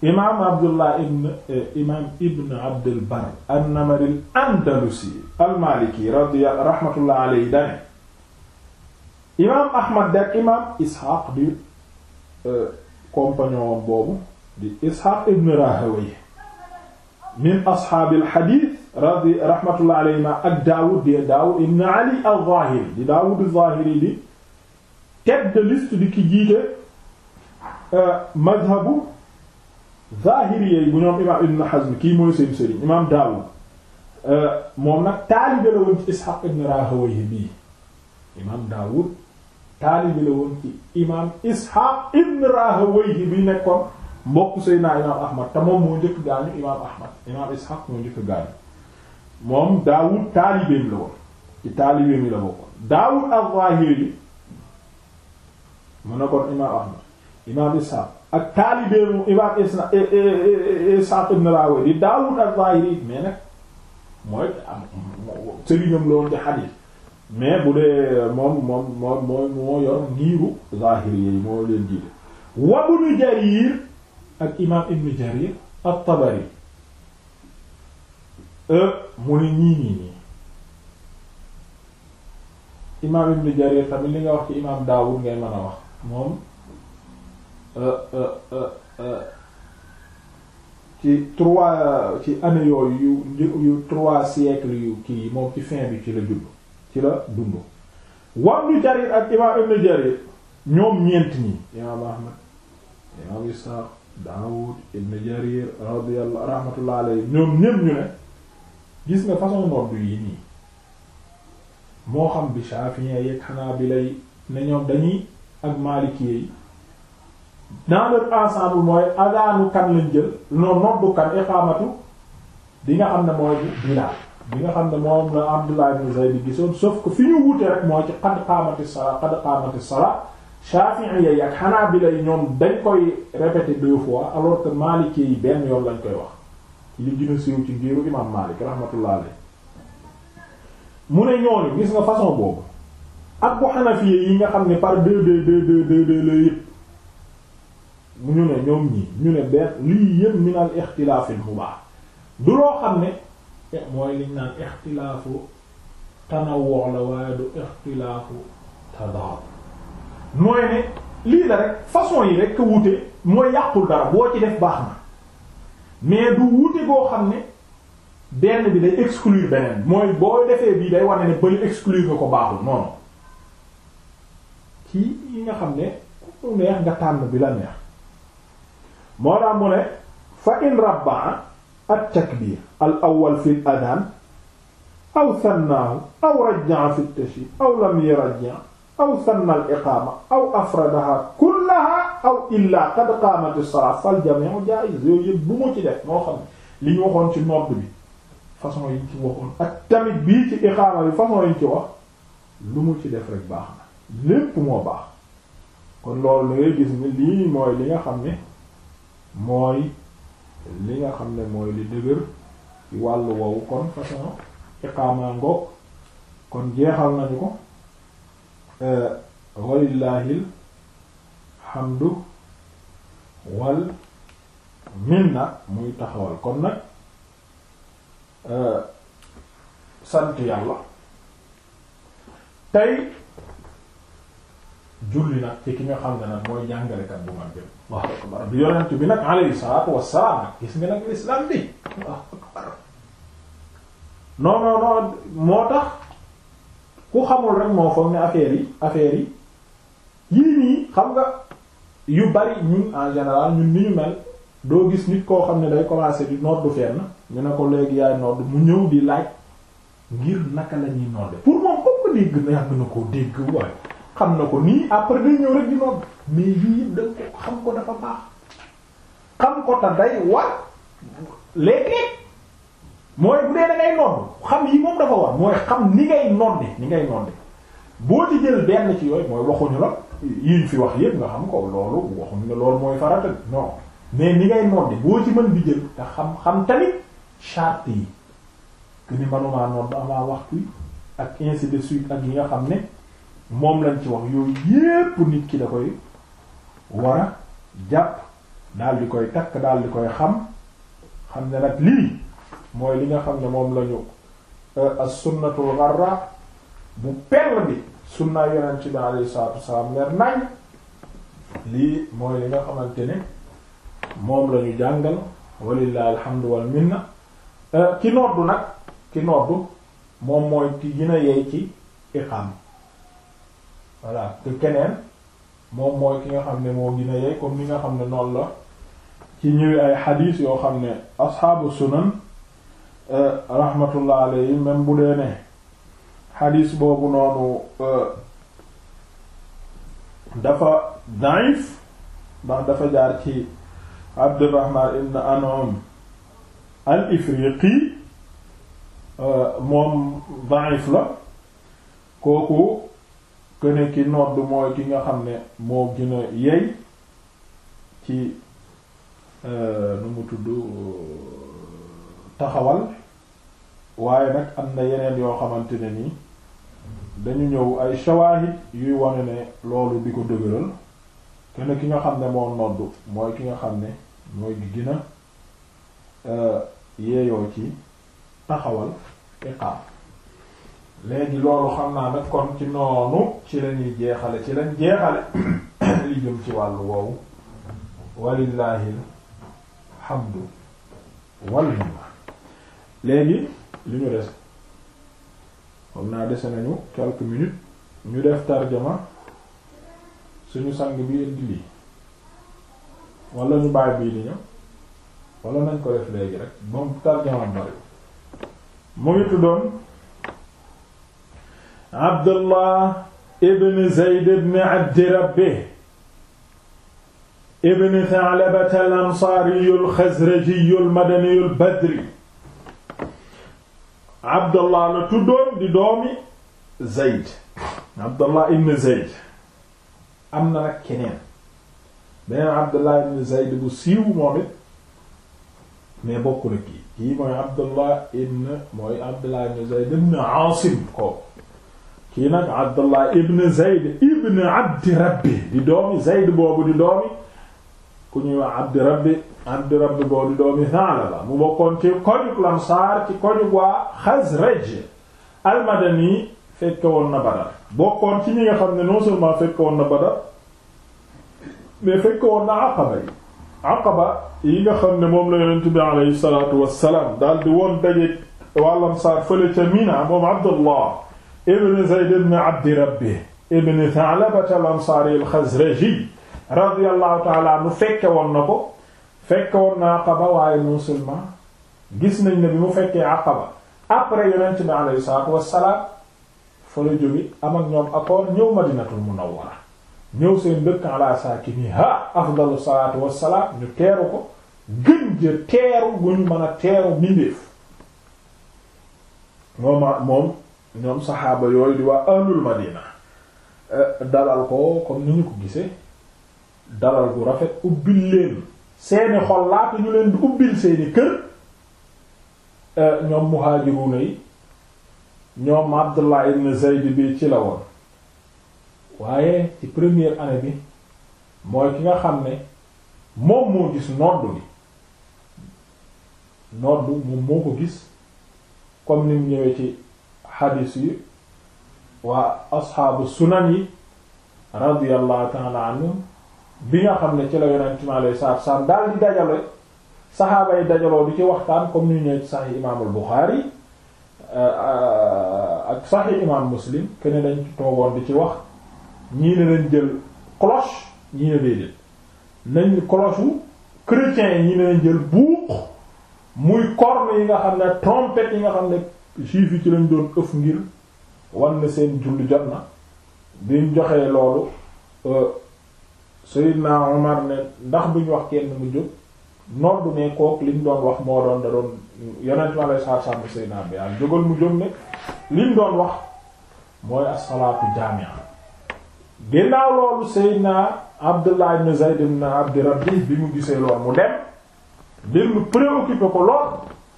imaam abdullah ibn eh, imaam ibn abdul bar an-namari al-andalusi al-maliki radiya rahmatullah alayhi dane imaam ahmad dak imaam isxaaq di eh, compagnon boobu di isxaaq ibn rahawayh min ashaabil xadiis radi rahmatullah alayhima ak daawud di daawud ibn ali al-zaahiri di daawud al-zaahiri di tête de liste di ki jiite eh, madhabu zahiriyya yi bu ñoom imaam ibn Hazm kii mooy seen sëriñ imaam Daawud euh, moom nag taalibe la woon ci Ishaq ibn Rahawayh bii imaam Daawud taalibe la woon ci imaam Ishaq ibn Rahawayh bi nekkoon mbokk Seydina imaam Ahmad te moom moo njëkk gaañu imaam Ahmad imaam Ishaq moo njëkk gaañu moom Daawud taalibeem la woon ci taalibeem yi la bokkoon Daawud al-Zahiri mu nekkoon imaam Ahmad imaam Ishaq ak taalibeenu imaam Isxaaq ibn Raawayh di Daawuud az-Zaahiri mais nag mooy am sëriñam la di xadiis mais bu dee moom moom moom moo moo yor ngiiru Zaahiri yi moo leen jiite wa Ibnu Jariir ak imaam Ibnu Jariir at-Tabari e, mu ne li nga wax ci imaam wax moom Euh, euh, euh, ci trois ci année yu yu trois siècles yu kii moom ci fin bi ci la judd ci la dund war ñu Jarir ak imam ibn ñoom ñeent ñi imam Ahmad imam Ishaq Daawud ibn Jarir radiyallahu rahmatullah alayhi ñoom ñépp ñu ne gis nga façon nodd yi nii moo xam bi Shafi'i yeeg Hanabila ne ñoom dañuy ak Maliki yi dans leur ensemble mooy adaanu kan lañ jël non noddu kan iqamatu bi nga xam ne mooy bilaal bi nga xam ne moom la Abdullah ibn Zayd gisoon sauf que fi ñu wute rek moo ci qad qaamati ñoom dañ koy répéter deux fois alors que koy wax li gën a siiw ci mu ne ñooñu gis nga façon boobu ak bu Hanafiyya yi nga xam ne par deux deux deux deux deux deux la yëpp ñu ne ñoom ñii ñu ne benn lii yëpp min al ixtilaafil mubah du loo xam ne mooy liñ naan ixtilaafu tanawwu la waaye du ixtilaafu tadaad mooy ne lii la rek façon yi rek wute mooy yàqul dara boo ci def baax na mais du wute boo xam ne benn bi day exclure beneen mooy boo defee bii day wane ne bëri exclure nga ko baaxul noonu kii yi nga xam ne ku neex nga tànn bi la neex moo tax mu ne fa in rabba at takbir al awwal fi l adaan aw sannaahu aw rajaa fi tashib aw lam yarjaa aw sanna al iqaama aw afradaha kullaha aw illa qad qaamat as-salaa fal jamii'u jaa'iz yooyu yëpp bu mu ci def moo xam li ñu waxoon ci nodd bi façon yi ñu ci bi façon yi ñu ci wax lu mu ci def rek baax na lépp moo baax kon loolu da ngay gis ni lii mooy li nga xam ne mooy li nga xam ne mooy li dëgër wàll wàllu woowu kon façon iqaama ngoog kon jeexal nañu ko eh, walillaahil hamdu wal minna muy taxawal kon nag eh, sant yàlla tey julli nag ci ki nga xam ne nag mooy jàngalekat bu mag jëm waaw akbar bi yonent bi nag alayhi salaatu wassalaam nag gis nga nag l'islam bi waaw moo tax ku xamul rek moo foog ne affaire yi affaire yi yii nii xam nga yu bari ñun en général ñun ni ñu mel doo gis nit koo xam ne day commencer di noddu fenn ñu ne ko léegi yaay noddu mu ñëw di laaj ngir naka la ñuy pour moom comme dégg na yàgg na koo dégg waaye xam na ko nii après day ñëw rek di noonu mais yii yëpp da ko xam ko dafa baax xam ko te day war mooy bu dee da ngay xam yi moom dafa war mooy xam ni ngay nonde ni ngay nonde boo ci jël benn ci yooyu mooy waxuñu la yiñ fi wax yëpp nga xam ko loolu waxuñu la loolu mooy farata non mais ni ngay nonde di jël te xam xam tamit charte yi que ni manumaa nodd amaa wax yi ak ainsi de suite ak yi nga xam ne moom lañ ci wax yooyu yépp nit ki da koy war a jàpp daal di koy takk daal di koy xam xam ne nag lii mooy li nga xam ne moom lañu euh, as-sunnatul gharra bu perl bi sunna yonent bi alayhi salaatu wasalaam leer nañ lii mooy li nga xamante ne moom la jàngal walillahi alhamdu wal euh, ki noddu nag ki noddu moom mooy ki gën a yey ci iqam voilà que keneen moom mooy ki nga xam ne moo gën a yey comme ni nga xam ne noonu la ci ñëwee ay xadiis yoo xam ne asxaabu sunan euh, rahmatullah alayhi même bu dee ne xadiis boobu noonu euh, dafa daif ndax dafa jaar ci Abdurrahman ibn An'am al-Ifriqi euh, moom daif la kooku këne ki nodd mooy ki nga xam ne moo gën a yey ci euh, nu mu tudd taxawal waaye nag am na yeneen yoo xamante ne ni dañu ñëw ay shawaahid yuy wane ne loolu di ko dëgëral këne ki nga xam ne moo nodd mooy ki nga xam ne mooy gi gën a euh, yeeyoo ci taxawal iqaam léegi loolu xam naa nag kon ci noonu ci lañuy jeexale ci lañ jeexale <coughs> li ci wàllu woowu walillahi alhamdu walminna léegi li ñu des xam naa dese nañu quelques minutes ñu def tarjama suñu sang bi indi lii wala ñu bàyyi bii di ñëw wala nañ ko def léegi rek moom tarjama bari mu ngi tuddoon abdullah ibn zeyd ibn abdi rabbi ibn thalabata al ansaariyu al xazrajiyu al madaniyu al badri abdullah la tuddoon di doomi zeyd abdullah ibn zeyd am na nag keneen beneen abdullah ibn zeyd bu siiw moom it mais bokkul kii kii mooy abdullah ibn mooy abdullah ibn zeyd ibn aasim ko kii nag abdullah ibn zayd ibn abdi rabbi di doomi zayd boobu di doomi ku ñuy wax abdi rabbi abdi rabbi boobu di doomi Thaalaba mu bokkoon ci kojug lamsaar ci kojug waa xazraj almadani fekke woon na badar bokkoon ci ñi nga xam ne non seulement fekke woon na badar mais fekke woon aqaba yi aqaba yi nga xam ne moom la yonent bi alayhi salaatu wassalaam daal di woon daje waa lamsaar fële ca mina moom abdullah ibn Zayd ibn Abdi Rabbi ibn Tha'labata al-Ansaari al-Khazraji radiyallahu ta'ala anhu fekke woon na ko fekke woon na Aqaba waaye non seulement gis nañ ne bi mu fekkee Aqaba après yonent bi alayhi salaatu wassalaam fa la jóge am ak ñoom accord ñëw Madinatul Munawwara ñëw seen dëkk ala saakiniha afdalu salaatu wassalaam ñu teeru ko gën ja teeru bu ñu mën a teeru mbindeef moom moom ñoom saxaaba yooyu di waa ahlul madina eh, dalal ko comme ni ñu ko gisee dalal bu rafet ubbil leen seeni xol laata ñu leen di ubbil seeni kër eh, ñoom muhaajiruna yi ñoom Abdullah ibn Zayd bi ci la woon waaye ci première année bi mooy ki nga xam ne moom moo gis nodd bi nodd moom moo ko gis comme ni mu ñëwee ci xadiis yi waa asxaabu sunan yi radiyallahu taala anhum bi nga xam ne ci la yonent mi alayhi salaatu salaam daal di dajale saxaaba yi dajaloo di ci waxtaan comme ni ñëw ci saxi imaamul Buxaari euh, ak saxi imaam Muslim toogoon di ci wax ñii ne nañ jël cloche ñii ne déedéet nañ yi jël buux muy corne yi nga xam ne trompette yi nga xam ne juif yi ci lañ doon ëf ngir wan seen julli jot na biñ joxee loolu euh, Seydina Omar ne ndax buñ wax kenn mu jóg nodd ne kook liñ doon wax moo doon da doon yonent ma lay saar sàmp Seydina bi am jógal mu jóg ne liñ doon wax mooy as-salaatu jaami'a ginnaaw loolu Seydina Abdullah ibn bi mu gisee loolu mu dem bi mu préoccupé ko lool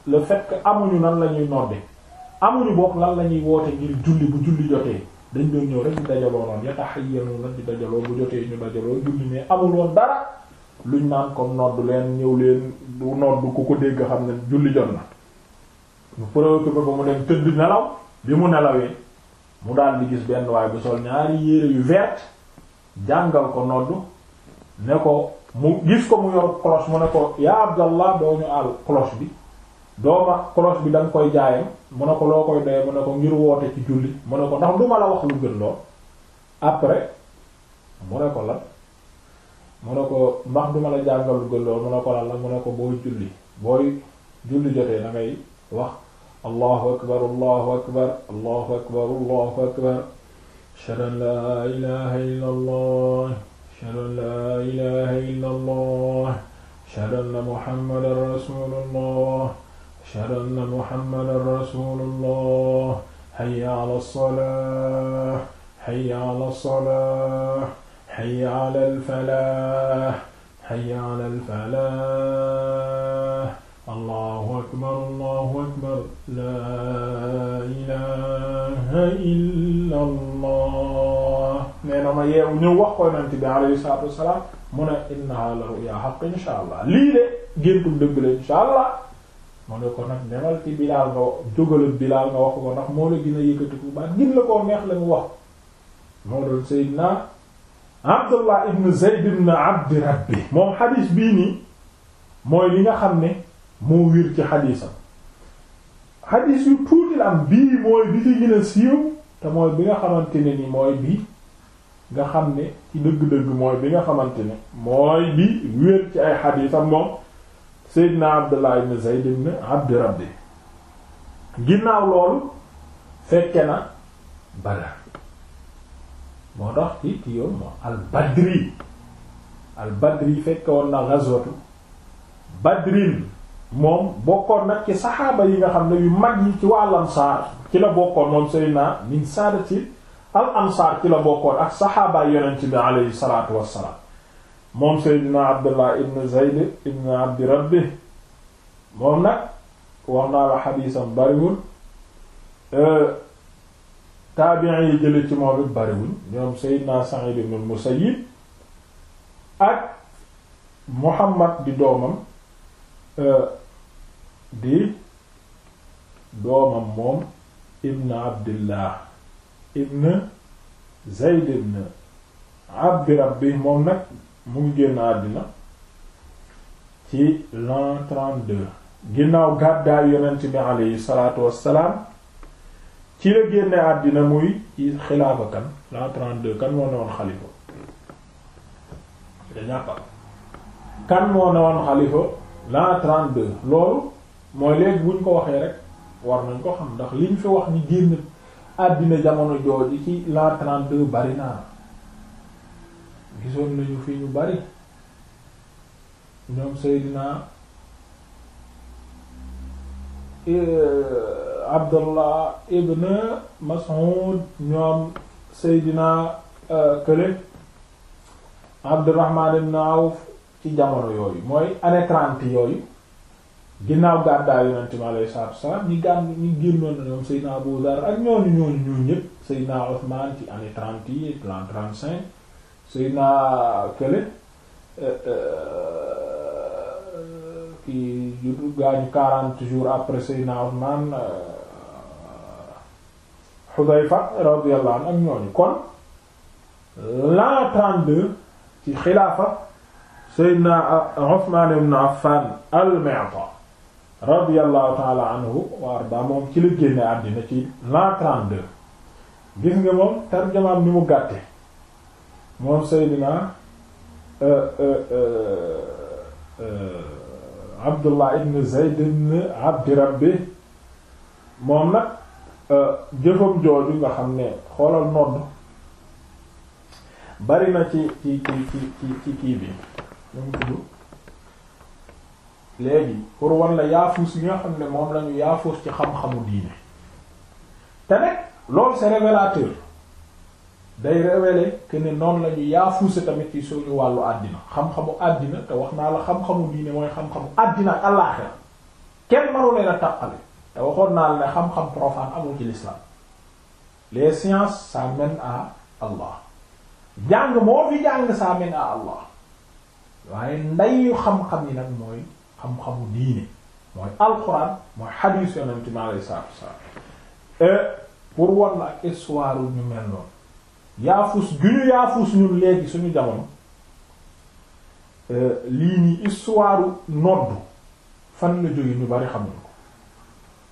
le fait amuñu nan lañuy ñuy amuñu bokk lan la ñuy woote ngir julli bu julli jotee dañ doon ñëw rek ñu dajaloo noonu yatahayyaruna di dajaloo bu jotee ñu dajaloo julli mais amul woon dara luñ naan comme nodd leen ñëw leen du nodd ku ko dégg xam ne julli jot na mu préoccupé ba mu dem tëdd nelaw bi mu nelawee mu daal di gis benn waay bu sol ñaari yére yu vert jàngal ko nodd ne ko mu gis ko mu yor cloche mu ne ko yaa Abdallah doo ñu àll cloche bi dooma cloche bi da koy jaayam mu ne ko loo koy doyee mu ne ko ngir woote ci julli mu ne ko ndax du la wax lu gën lool après mu ne ko la mu ne ko ndax du ma la jàngal lu gën lool mu ne ko la la mu ne ko booy julli booy julli jotee da wax allahu akbar allahu akbar allahu akbar allahu akbar ashhadu an la ilaha illa allah ashhadu an la ilaha illa allah ashhadu anna muhammadan rasulullah ashhadu anna muhammadan rasulullah hayya ala salah hayya ala salah hayya ala alfalah hayya ala alfalah allahu akbar allahu akbar laa ilaha illa allah nee na ma yeewu ñëw wax ko yonent bi alayhi salaatu wasalaam mu ne innaha la ru'ya haqq insha allah lii de géntul dëgg la insha allah mu ne ko nag demal ci bilaal a ko baax gin la la mu wax moom xadiis bii nii mooy li nga xam ne moo wér ci xadiisam xadiis yu tuuti la am bii mooy bi ci gën a siiw te mooy bi nga xamante ne ni mooy bi nga xam ne ci dëgg-dëgg mooy bi nga xamante ne mooy bi wér ci ay xadiisam moom Seydina Abdullah ibn Zayd ibn Abd Rabbi ginnaaw loolu fekke na Badar moo tax ci ci moom al Badri al Badri fekke woon na ghazwatu Badrin moom bokkoon nag ci saxaaba yi nga xam ne yu mag yi ci wàll ansaar ci la bokkoon moom Seydina min saadati al ansaar ci la bokkoon ak saxaabaa yonent bi alayhi salaatu wassalaam moom Seydina Abdullah ibn Zayd ibn Abdi Rabbi moom nag wax naa la xadiisam bariwul euh, taabiin yi jële ci moom it bariwuñ ñoom Seydina Sa'id ibn al ak Muhammad di doomam euh, di doomam moom ibn Abdillah ibn Zayd ibn Abdi Rabbi moom nag mu ngi génn àddina ci l'an 32 ginnaaw gàddaayu yonent bi aleyhi salaatu wassalaam ci la génne àddina muy xilaafa kan l'an 32 kan moo ne woon kan moo ne woon xalifa l'an 32 loolu mooy léegi buñ ko waxee rek war nañ ko xam ndax liñ fi wax ni génn àddina jamono jooju ci l'an 32 bari naa gisoon nañu fi ñu bari ñoom Seydina eh, Abdullah ibn Mas'ud ñoom Seydina eh, kële Abdurrahman ibn Awf ci jamono yooyu mooy année trente yooyu ginnaaw gàddaay yonent mi alayhi ñi gàn ñi génnoon na ñoom Seydina Abu Dharr ak ñooñu ñooñu ñooñu ñëpp Seydina Uthman ci année trente plan trente cinq Seydina Kële e, e, kii juddu gaañu quarante jours après Seydina Usmaan e, Xudayfa radiyallahu anhu ak ñooñu kon l'an trente-deux ci xilaafa Seydina Usmaan ibn Affan al-Mu'ta radiyallahu ta'ala anhu wa arda moom ci la génne àddina ci l'an trente-deux gis nga moom tarjamaam ni mu gàtte moom Seydina euh, euh, euh, Abdullah ibn Zayd ibn Abdi Rabbi moom nag jëfam jooju nga xam ne xoolal nodd bari na ci ci ci ci ci kii bi ñu ngi tudd léegi pour wan la yaafuus yi xam ne moom lañu yaafuus ci xam-xamu diine te nag loolu c'est révélateur day révéler que ne noonu la ñu yaafuuse tamit ci suñu wàllu àddina xam-xamu àddina te wax naa la xam-xamu diine mooy xam-xamu àddina ak àllaaxira kenn mënu leen a tàqale te waxoon naa la ne xam-xam profane amul ci l'islam les sciences ça mène à Allah jàng moo fi jàng ça mène à Allah waaye ndeyu xam-xam yi nag mooy xam-xamu diine mooy alquran mooy xadiis yonent mi alayhi euh, pour wan la ak histoire ñu mel noonu yaafus gu ñu yaafus ñun léegi suñu jamono euh, lii nii histoire nodd fan la jóge ñu bari xamuñ ko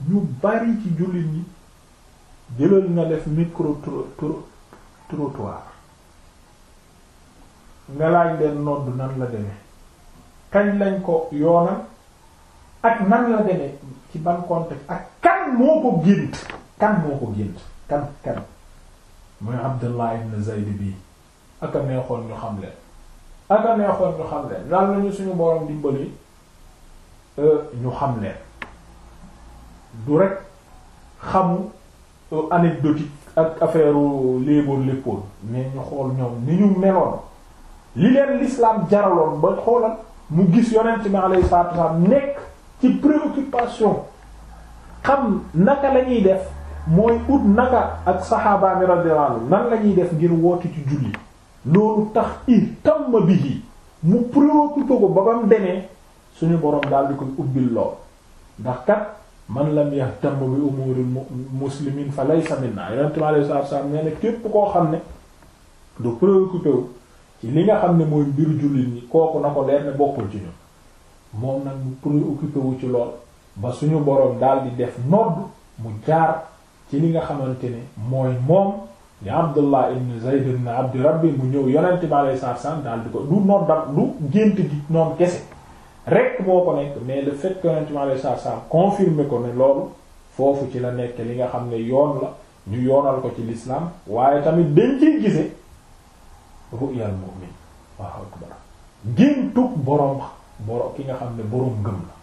ñu bari ci jullit ñi jëlal nga def micro trottoir nga laaj leen nodd nan la deme kañ lañ ko yoonal ak nan la deme ci ban contexte ak kan moo ko gént kan moo ko gént kan kan mooy Abdallah ibn Zayd bii ak a neexoon ñu xam leen ak a neexoon ñu xam leen daal nañu suñu boroom dimbali e, ñu xam leen du rek xamu e, anecdotique ak affaire léeboon léppoon mais ñu xool ñoom ni ñu meloon li leen l'islam jaraloon ba xoolal mu gis yonent bi alayhi salaatu wa salaam nekk ci préoccupation xam naka la ñuy def mooy ut naka ak saxaabaami radiyallahu anhu nan la ñuy def ngir woote ci julli loolu tax ihtamma bihi mu préoccupé ko ba bam demee suñu boroom daal di koy ubbil lool ndax kat man lam yahtam bi umuril muslimin fa lay minna yonente mi alayhi salaatu salaam nee na képp koo xam ne du préoccupé wu ci li nga xam ne mooy mbiru jullit ñi kooku na ko leer bokkul ci ñun moom nag mu préoccupé wu ci lool ba suñu boroom daal di def nodd mu jaar ci li nga xamante ne mooy moom li Abdullah ibn Zayd ibn Abdi Rabbi mu ñëw yonent bi alayhi salaatu salaam daal di ko du noddam du gént gi noonu kese rek moo ko nekk mais le fait que yonent bi alayhi salaatu ko ne loolu foofu ci la nekk li nga xam ne yoon la ñu yoonal ko ci l'islam waaye tamit dañ ciy gise ru'yal mu'min waaw akbar géntug boroom boro ki nga xam ne borom ngëm la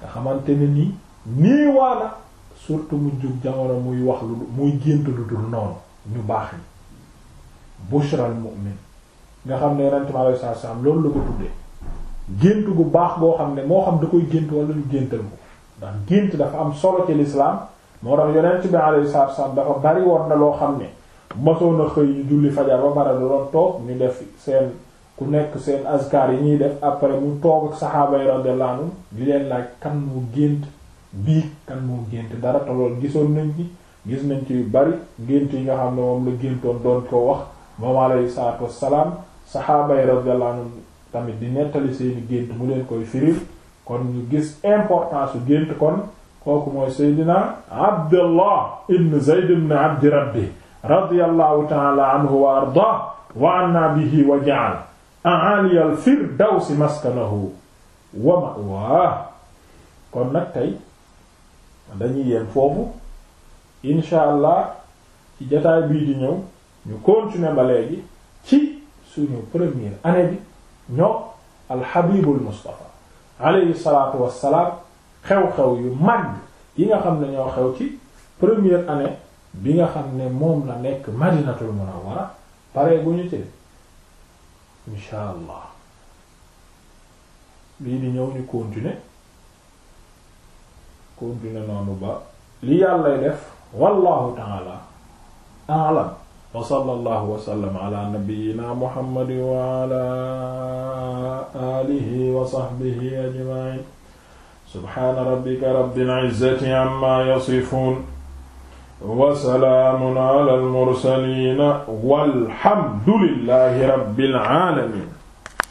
nga xamante ne nii nii waana surtout mu jug jamono muy wax lu muy gént lu dul noonu ñu baax ni bushral mu'min nga xam ne yonent bi alayhi salaatu salaam loolu la ko tuddee gént gu baax goo xam ne moo xam da koy gént wala ñu géntal ko ndax gént dafa am solo ci moo tax yonent bi alayhi salaatu salaam bari woon na loo xam ne mosoon a xëy yu julli fajar ba bara doon toog ñu def seen ku nekk seen azkar yi ñuy def après mu toog ak saxaaba yi di leen laaj kan mu gént bii kan moo gént dara te gisoon nañ ci gis nañ ci yu bari gént yi nga xam ne moom la géntoon doon ko wax moom alayhi salaatu wassalaam saxaaba yi radiyallahu anhum tamit di nettali seeni gént mu leen koy firil kon ñu gis importance su gént kon kooku mooy seydina abdullah ibn zayd ibn abdi rabbi radiyallahu ta'ala anhu wa arda wa anna bihi wa ja'al a'ali al firdawsi maskanahu wa ma'waa kon nag tey dañuy yem foofu incha allah ci jataay bii di ñëw ñu continuer ba léegi ci suñu première année bi ñoo alxabibul mustafa alayhi salaatu wassalaam xew-xew yu mag yi nga xam ne ñoo xew ci premier année bi nga xam ne moom la nekk madinatul munawwara pare bu ñu ci incha allah bii di ñëw ñu continuer continuer noonu ba li yàllay def wallahu taala a'lam wa sallallahu wa sallam ala nabiyyina muhammadin wa ala alihi wa sahbihi ajma'in subhana rabbika rabbil izzati amma yasifun wa salaamun ala al mursalin walhamdulillahi rabbil alamin